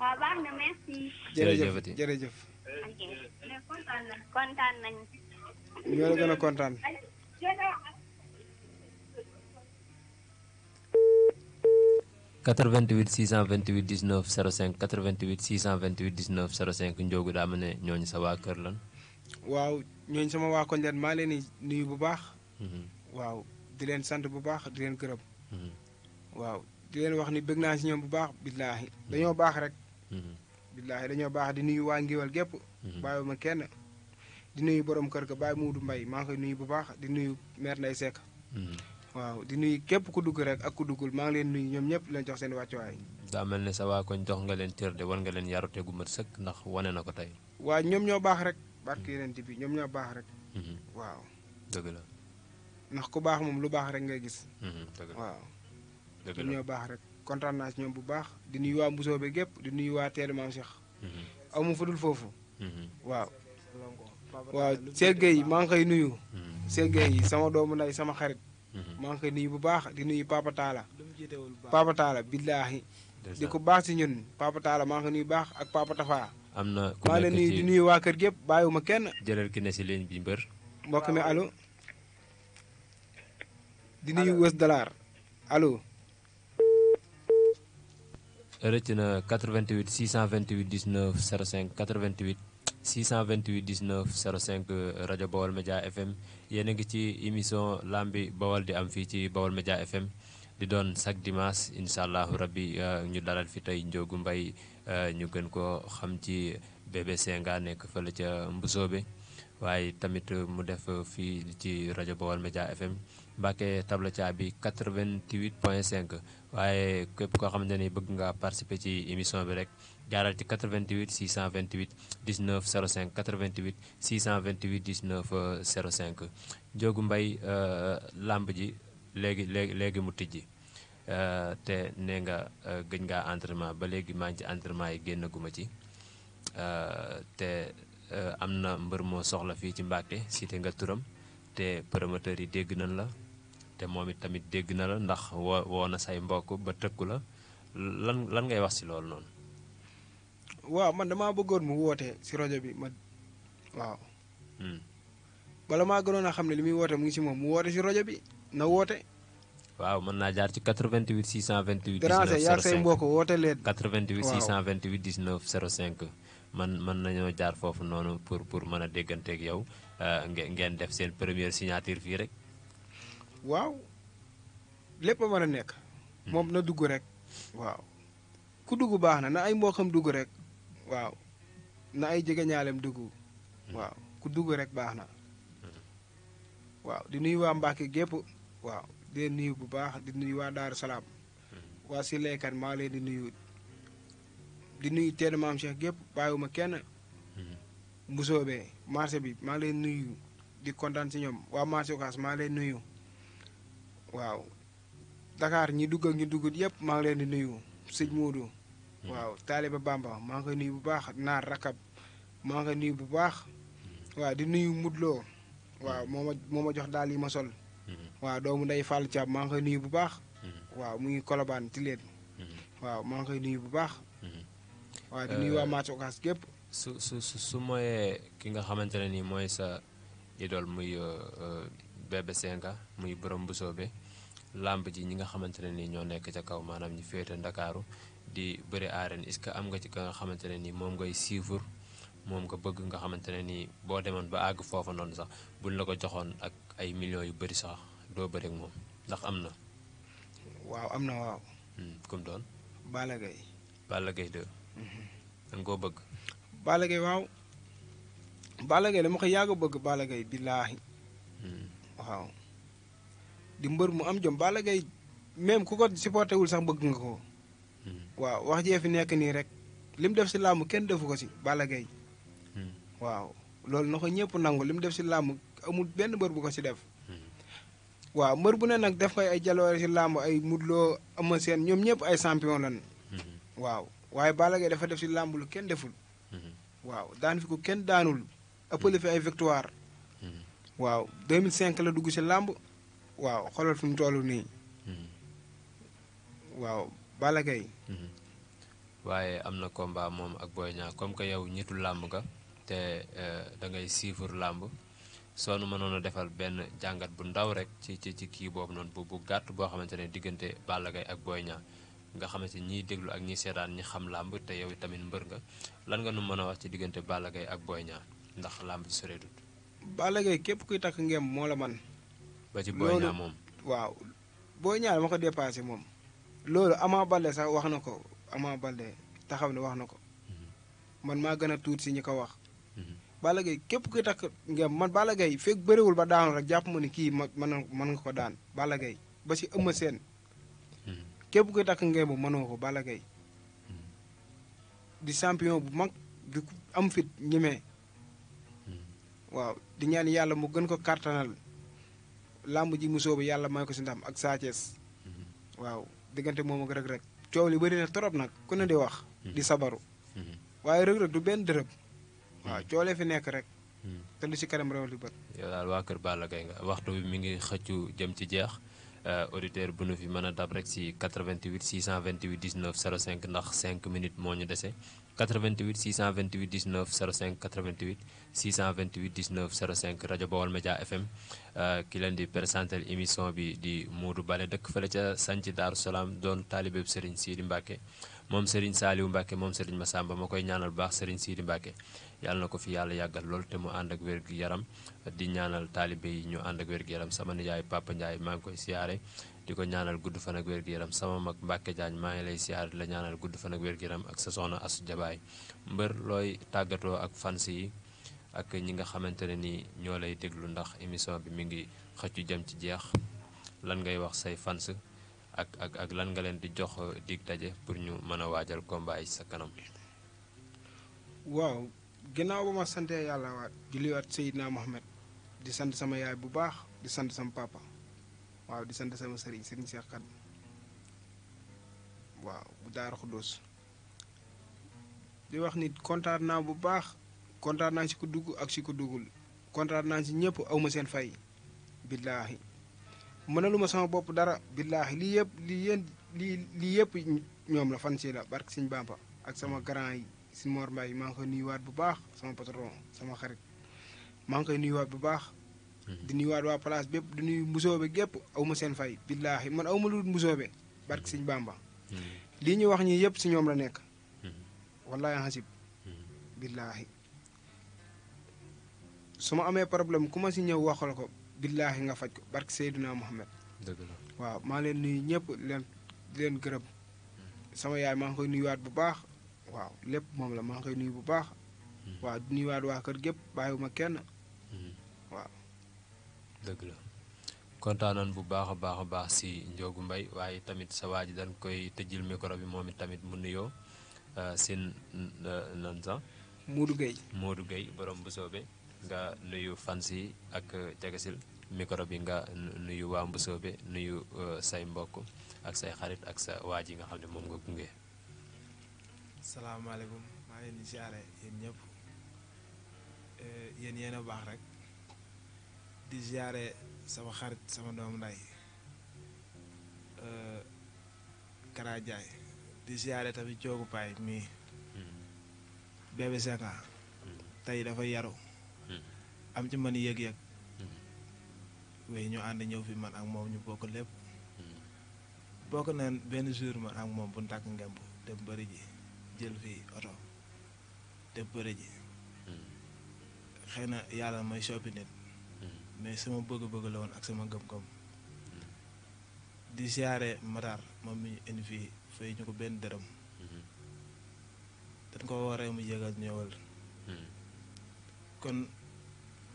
waaw baax na merci. jërëjëf jërëjëf. ok kontaan kontaan nañu. ñoo la gën a kontaan. quatre-vingt-huit six cent vingt-huit dix-neuf zéro quatre-vingt-huit six cent vingt-huit dix-neuf zéro cinq Ndiogou daa ma ne ñooñu sa waa kër lan. waaw ñooñ sama waa koñ leen maa leen di nuyu bu baax. Mhm. waaw di leen sant bu baax di leen gërëm. Mhm. waaw di leen wax ni bëgg naa si ñoom bu baax billaahi mhm. dañoo baax rek. billaahi dañoo baax di nuyu waa Ngiwal gépp. bàyyi ma kenn di nuyu borom kër gi ga mu Muudu Mbay maa ngi koy nuyu bu baax di nuyu meer Ndeye Seck. waaw di nuyu képp ku dugg rek ak ku duggul maa ngi leen nuyu ñoom ñëpp leen jox seen wàccuwaay. daa mel ne sa waa koñ jox nga leen cër de war nga leen yarute gu mat sëkk ndax wane na ko tey. waaw baax rek. barke yonent bi ñoom ñoo baax rek. Mhm. waaw. la. ndax ku baax moom lu baax rek ngay gis. Mhm, dëgg la waaw. ñoom ñoo baax rek kontaan naa si ñoom bu baax di nuyu waa Mbusoo be gépp di nuyu waa Teelu Maam mhm. fa dul foofu. waaw. waaw Ségé yi maa ngi koy nuyu. Ségé yi sama doomu nday sama xarit. maa ngi koy nuyu bu baax di nuyu Papa Talla. Papa Talla di ko baax si ñun Papa Talla maa ngi koy nuyu baax ak Papa am na ku nekk ci di nuyu waa kër gépp bàyyiwuma kenn. jëlal ki ne si ligne bi mbër. mbokk mi alo di nuyu wës dollar allo. rëcc na 88 628 19 05 88 628 19 05 rajo Bawol Média FM yéen a ngi ci émission lambi Bawol di am fii ci Bawol Média FM di doon chaque dimanche incha allahu rabbi euh, ñu dalal fi tey Ndiogou Mbaye. Euh, ñu gën ko xam ci bébé Senga nekk fële ca bi waaye tamit mu def fii ci rajo Baol Média FM Mbacke tabla caa bi 88 point waaye képp koo xamante ni bëgg nga participer ci émission bi rek jaaral ci 88 628 19 05 88 628 19 05 Ndiogou Mbaye làmb ji léegi léegi léegi mu tijji. Euh, te nee nga euh, gëj ngaa entraînement ba léegi maa ngi ci entraînement yi génn guma ci euh, te am na mbër moo soxla fii ci Mbàkke siite nga turam te promoteur yi dégg nañ la te moom it tamit dégg na la ndax wo woona say mbokk ba tëkku la lan lan ngay wax si loolu noonu. waaw man damaa bëggoon mu woote si rajo bi ma waaw. Hmm. bala maa gënoon a xam ne li muy woote mu ngi si moom mu woote si rajo bi na woote. waaw mën naa jaar ci 88 628. 19 05 Dérangé yaa say mbokk woote leen. 88 628 19 05. man mën nañoo jaar foofu noonu pour pour mën a dégganteeg yow euh, ngeen def seen première signature fii rek. waaw lépp a mën a nekk. Hmm. moom na dugg rek. waaw ku dugg baax na na ay mbokkam dugg rek. waaw na ay jegeñaaleem dugg. Hmm. waaw ku dugg rek baax na. Hmm. waaw di nuyu waa Mbacke gépp waaw. di leen nuyu bu baax di nuyu waa Daaru Salaam hmm. waa Sileye Kane maa leen di nuyu di nuyu teenu maam Cheikh gépp bàyyiwuma kenn. Hmm. Mbusoobe marché bi maa leen nuyu di kontaan si ñoom waa marché Ocass maa leen nuyu waaw dakaar ñi dugg ak ñi duggut yëpp maa ngi leen di nuyu sëñ Moodu. Hmm. waaw Taaliba Bamba maa ngi koy nuyu bu baax naar rakab maa nga nuyu bu baax. waaw di nuyu Modou Lo waaw moo moo ma jox daal yi ma sol. waaw doomu nday Fallou Thiam maa ngi koy nuyu bu baax. Mm-hmm. waaw mu ngi kolobaan ci leen. waaw maa ngi koy nuyu bu baax. Mm-hmm. waaw di nuyu waa euh, Mathia Ocass gépp su su su mooyee ki nga xamante ne nii mooy sa idole muy euh, euh, Bébé Senga muy borom Mbusoobe làmb ji ñi nga xamante ne nii ñoo nekk ca kaw maanaam ñu féete Ndakaaru di bëri arène est-ce que am nga ci ka nga xamante ne nii moom ngay suivre moom nga bëgg nga xamante ne nii boo demoon ba àgg foofa noonu sax buñ la ko joxoon ak ay millions yu bëri sax. doo bëreek moom ndax am na. waaw am na waaw. Hmm, kum doon. Balla Gaye. Balla danga mhm. koo bëgg. Balla Gaye waaw. Balla Gaye dama ko yàgg bëgg Balla Gaye billaahi. Hmm. waaw di mbër mu am jom Balla Gaye même ku ko supporté wul sax bëgg nga ko. Hmm. waaw wax jee fi nekk nii rek lim def si làmb kenn defu ko si Balla Gaye. waaw loolu na ko ñëpp nangu lim def si làmb amul benn mbër bu ko si def. waaw mbër bu ne nag def koy ay jaloore si làmb ay mudloo ama seen ñoom ñëpp ay champion lan mhm. waaw waaye Balla Gaye dafa def si làmb lu kenn deful mhm. waaw daan fi ko kenn daanul ëppale fi ay victoire mhm. waaw 2005 la dugg si làmb waaw xoolal fi mu toll nii waaw Balla waaye am na komba moom ak Boy Niang comme que yow ñitu làmb nga te euh, da ngay suivre làmb soo nu mënoon a defal benn jàngat bu ndaw rek ci ci ci kii boobu noonu bu bu gàtt boo xamante ne diggante Balla ak Boy ñaa nga xamante ñiy déglu ak ñiy seetaan ñi xam làmb te yow tamit mbër nga lan nga nu mën a wax ci diggante Balla Gaye ak Boy ñaa ndax làmb ci soreetut. Balla képp kuy takk ngeem moo la man ba ci Boy Niang moom waaw Boy ñaar ma ko dépassé moom. loolu Ama Baldé sax wax na ko Ama Baldé taxaw ne wax na ko. Mhm. man maa gën a tuut si ñi ko wax. Balla képp kuy takk ngem man Balla Gaye fekk bëriwul ba daanu rek jàpp ma ni kii ma mën mën nga ko daan Balla ba si ëmma seen képp kuy takk ngem bu mënoo ko Balla hmm. di champion bu mag di am fit ñemee hmm. waaw di ñaan yàlla mu gën ko kartanal làmb ji mu soobu yàlla may ko si ak Sa Thiès hmm. waaw diggante moom rek Reug coow li bëri na trop nag ku di wax di sabaru waaye Reug Reug du benn dërëb waaw hmm. coolee fi nekk rek. Hmm. te lu si kanam rawati bët. yow daal waa Kër Balla Gaye nga waxtu bi mu ngi xëccu jëm ci jeex euh, auditeur bu nu fi mën a dab rek si 88 628 19 05 ndax 5 minutes moo ñu dese 88 628 19 05 88 628 19 05 rajo Bawol Média FM euh, ki leen di présenter émission bi di Modou Bale dëkk fële ca Santhi Darou Salaam doon taalibeeb Serigne Sidi Mbacke moom Serigne Saliou Mbacke moom Serigne Massamba ma koy ñaanal baax Serigne Sidi Mbacke. yàlla na ko fi yàlla yàggal lool te mu ànd ak wér gu yaram di ñaanal taalibe yi ñu ànd ak wér yaram sama nijaay Papa Ndiaye maa ngi koy siyaare di ko ñaanal gudd fan ak wér yaram sama mag Mbacke Diagne maa ngi lay siyaare di la ñaanal gudd fan ak wér gu yaram ak sa soxna Asu Jabaay mbër looy tàggatoo ak fans yi ak ñi nga xamante ne ni ñoo lay déglu ndax émission bi mu ngi xëccu jëm ci jeex lan ngay wax say fans ak ak lan nga leen di jox di daje pour ñu mën a waajal combat sa kanam. ginnaaw ba ma santee yàlla wat julliwaat Seydina Mohamed di sant sama yaay bu baax di sant sama pàppa waaw di sant sama sëriñ sëriñ Seex Kan waaw bu Daaru Xuddoos di wax nit kontaan naa bu baax kontaan naa si ku dugg ak ci ku duggul kontaan naa si ñëpp awma seen fay billaahi mënaluma sama bopp dara billaahi lii yëpp lii yéen yëpp ñoom la fan si la barke Sëñ Bàmba ak sama grand yi si Mor Mbaye maa ngi koy nuyuwaat bu baax sama patron sama xarit maa ngi koy nuyuwaat bu baax. Mhm. di nuyuwaat waa place bépp di nuyu mbusoobe gépp aw ma seen fay. billaahi man aw ma lu mbusoobe barki mhm. ñu wax ñii yëpp si ñoom la nekk. Mhm. wallaahi amee problème ku si ñëw waxal ko billaahi nga faj ko barki Seydina Mohamed. dëgg la waaw maa leen ñëpp leen di sama yaay maa koy nuyuwaat bu baax waaw lépp moom la maa ngi koy nuyu bu baax. Hmm. waaw di nuyuwaat waa kër gépp ma kenn. Hmm. waaw. dëgg la kontaanoon bu baax a baax a baax si njoogu mbay waaye tamit sa waaj ji dañ koy tëjjil micro bi moom it tamit mu nuyoo euh, seen euh, nan sax. Modou Gueye Modou Gueye borom bu soobee nga nuyu fans yi ak jagasil micro bi nga nuyu waa Mbusoobe nuyu euh, say mbokk ak say xarit ak sa waa yi nga xam ne moom nga gunge. salaamaaleykum maa leen di yéen ñëpp eh, yéen yéen a baax rek di ziare sama xarit sama doom nday eh, Kara di ziare tamit coogu paay mii hmm. bébé Seka hmm. tey dafa yaru hmm. am ci man yëg-yëg wéy ñu ànd ñëw fi man ak moom ñu bokk lépp bokk naan benn jour man ak moom bu ñu takk ngemb dem bëri ji jël fii oto te bëre ji hmm. xëy na yàlla may soppi nit hmm. mais suma bëgg-bëgg la ak sama gëm-gëm hmm. di siyaare Matar moom mi ñu indi fii fay ñu ko benn dërëm dañ ko waree mu yëgal ñëwal kon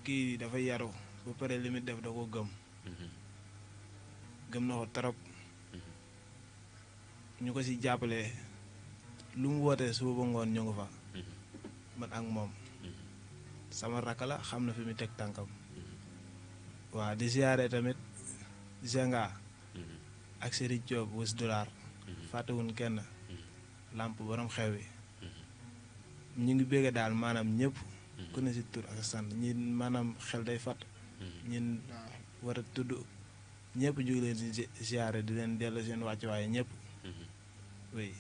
kii dafa yaru ba pare li def da ko gëm gëm na ko trop ñu ko ci jàppale lu mu wootee suba ba ngoon ñu ngi fa mm-hmm. man ak moom mm-hmm. sama rakk la xam na fi mu teg tànkam mm-hmm. waaw di siyaare tamit Zenga ak Serigne Diop wus dollar fàttewuñ kenn làmp borom xew wi ñu ngi bëgg daal maanaam ñëpp ku ne si tur ak sant ñi maanaam xew day fàtt ñin war tudd ñëpp jóg leen si siyaare di leen dellu seen wàccuwaay ñëpp oui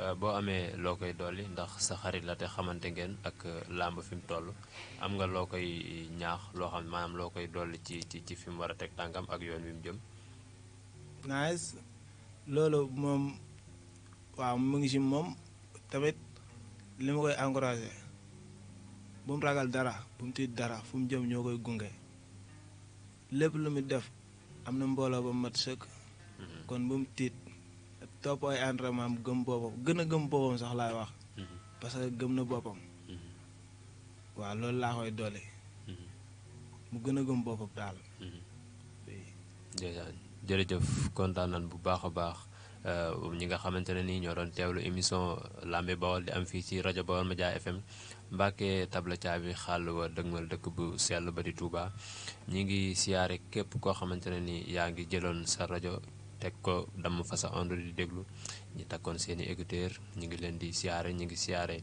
Euh, boo amee loo koy dolli ndax sa xarit la te xamante ngeen ak euh, làmb fi mu toll am nga loo koy ñaax loo xam maam loo koy dolli ci ci ci fi mu war a teg tànkam ak yoon wi mu jëm. nice loolu moom waaw mu ngi si moom tamit li ma koy encouragé bu mu ragal dara bu mu tiit dara fu mu jëm ñoo koy gunge lépp lu mu def am na mbooloo ba mat sëkk. Mm-hmm. kon bu mu tiit. topp ay entraînement gëm boppam gën a gëm boppam sax laay wax. Mhm. parce que gëm na boppam. Mhm. waaw loolu laa koy doole. Mhm. mu gën a gëm boppam daal. jërëjëf kontaan nañ bu baax a baax euh, ñi nga xamante ne nii ñoo doon teewlu émission euh, Lambe Baol di am fii ci rajo Baol Média FM Mbacke tabla caabi xàll wa dëgmal dëkk bu sell ba di Touba ñi ngi siyaare képp koo xamante ne nii yaa ngi jëloon sa rajo. teg ko damm fa sa onde di déglu ñi takkoon seeni écouteur ñu ngi leen di siyaare ñu ngi siyaare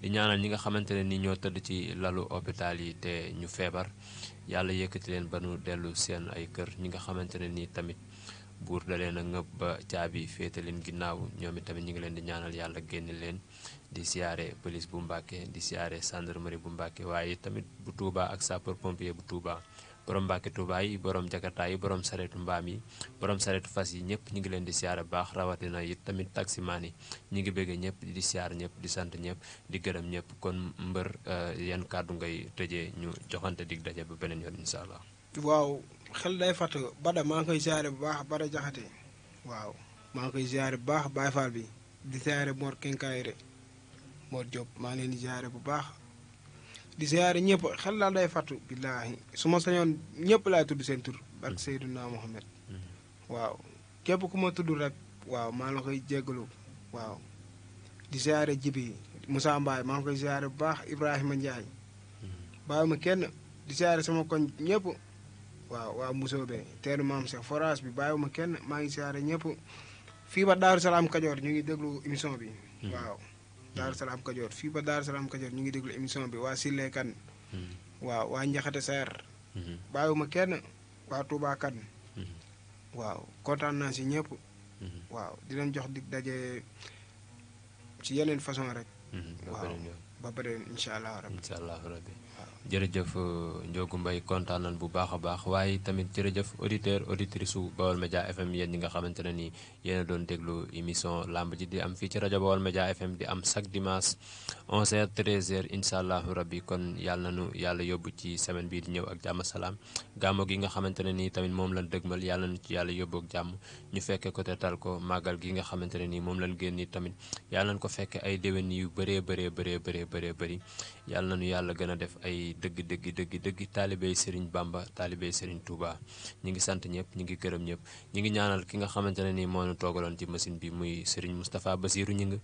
di ñaanal ñi nga xamante ne ni ñoo tëdd ci lalu hôpital yi te ñu feebar yàlla yëkkati leen ba nu dellu seen ay kër ñi nga xamante ne nii tamit buur da leen a ngëb ba caabi féete leen ginnaaw ñoom itamit ñu ngi leen di ñaanal yàlla génne leen di siyaare police bu Mbàkke di siyaare gendarmerie bu Mbàkke waaye tamit bu Tuuba ak sapeur pompier bu Tuuba borom Mbàkke Tuubaa yi borom Jakarta borom sareetu mbaam yi borom sareetu fas yi ñëpp ñu ngi leen di bu baax rawatina it tamit taximaan yi ñu ngi bëgg ñëpp di siyaar ñëpp di sant ñëpp di gërëm ñëpp kon mbër eh, yan kàddu ngay tëjee ñu joxante dig daje bu beneen yoon incha allah. waaw xel day fàtt Bada maa ngi koy siyaare bu baax Bada Jaxate waaw maa ngi koy siyaare bu baax Baye Fall bi di siyaare Mor Kenkaayre Mor Diop maa ngi leen di siyaare bu baax. di ziare ñëpp xel daal day fàttu billaahi su ma sañoon ñëpp laay tudd seen tur barke mm. Seydunaa Muhammad mm-hmm. waaw képp ku ma tudd rekk waaw maa la koy jéggalu waaw di ziare jibi Moussa Mbaye maa ngi koy ziare bu baax Ibrahima Ndiaye mm-hmm. bàyyi ma kenn di ziare sama koñ ñëpp waaw waaw Mboussobé teenu maam Cheikh forage bi bàyyi ma kenn maa ngi ziare ñëpp fii ba Daaru Salaam Kajoor ñu ngi déglu émission bi mm-hmm. waaw Daaru Salaam Kajoor fii ba Daaru Salaam Kajoor ñu ngi déglu émission bi waa Sile Kane hmm. waaw waa Njaxate Saer hmm. bàyyiwuma kenn waa Touba Kane hmm. waaw kontaan naa si ñëpp waaw di jox dig daje ci yeneen façon rek waaw ba ba incha allah rabbi incha rabbi jërëjëf euh, Ndiogou Mbaye kontaan nañ bu baax a baax waaye tamit jërëjëf auditeur auditrice su Média FM yéen ñi nga xamante ne nii yéen a doon déglu émission lamb ji di am fii ci rajo Baol Média FM di am chaque dimanche 11h 13h incha allahu rabbi kon yàlla nañu yàlla yóbbu ci semaine bii di ñëw ak jàmm salaam gàmmu gi nga xamante ne nii tamit moom lañ dëgmal yàlla nañu ci yàlla yóbbook jàmm. ñu fekkee ko te tal ko màggal gi nga xamante ne nii moom lañ génn ni tamit yàlla nañ ko fekkee ay déwén yu bëree bëree bëree bëree bëree bëri yàlla nañu yàlla gën a def ay dëgg dëgg dëgg dëgg taalibey Serigne Bamba taalibey Serigne Touba ñi ngi sant ñëpp ñi ngi gërëm ñëpp ñi ngi ñaanal ki nga xamante ne nii moo ñu toogaloon ci machine bi muy Serigne Moustapha Basirou ñi ngi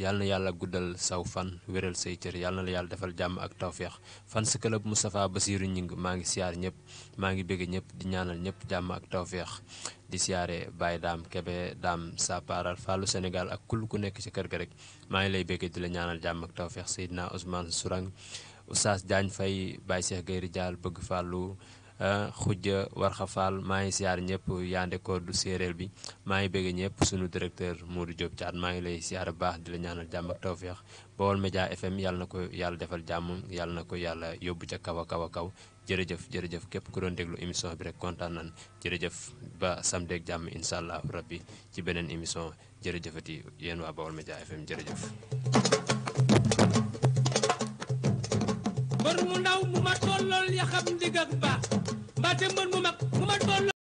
yàlla na yàlla guddal saw fan wéral say cër yàlla na la yàlla defal jàmm ak tawféex fan sa club Moustapha Basirou ñi ngi maa ngi siyaar ñëpp maa ngi bëgg ñëpp di ñaanal ñëpp jàmm ak di siyaare Baye Daam Kebe Daam Saparal Fallu Sénégal ak kul ku nekk ci kër ga rek maa ngi lay bëgg di la ñaanal jàmm ak seydna Seydina Ousmane Sourang Oustaz Diagne Faye Baye Cheikh Gueye Ridial bëgg Fallu eh, Khoudia Warxa Fall maa ngi siyaar ñëpp yande ko du séeréer bi maa ngi bëgg ñëpp sunu directeur di Diop Thiat maa ngi lay siyaar baax di la ñaanal jàmm ak tawfeex Baol Média FM yàlla na ko yàlla defal jàmm yàlla na ko yàlla yóbbu ca kaw a kaw a kaw jërëjëf jërëjëf képp ku doon déglu émission bi rek kontaan nan jërëjëf ba samedi jàmm incha allah rabbi ci beneen émission jërëjëfati yéen waa Baol Média FM jërëjëf. mbër mu ndaw mu ma tollool ya xam ak baax mbaate mbër mu mag mu ma tollool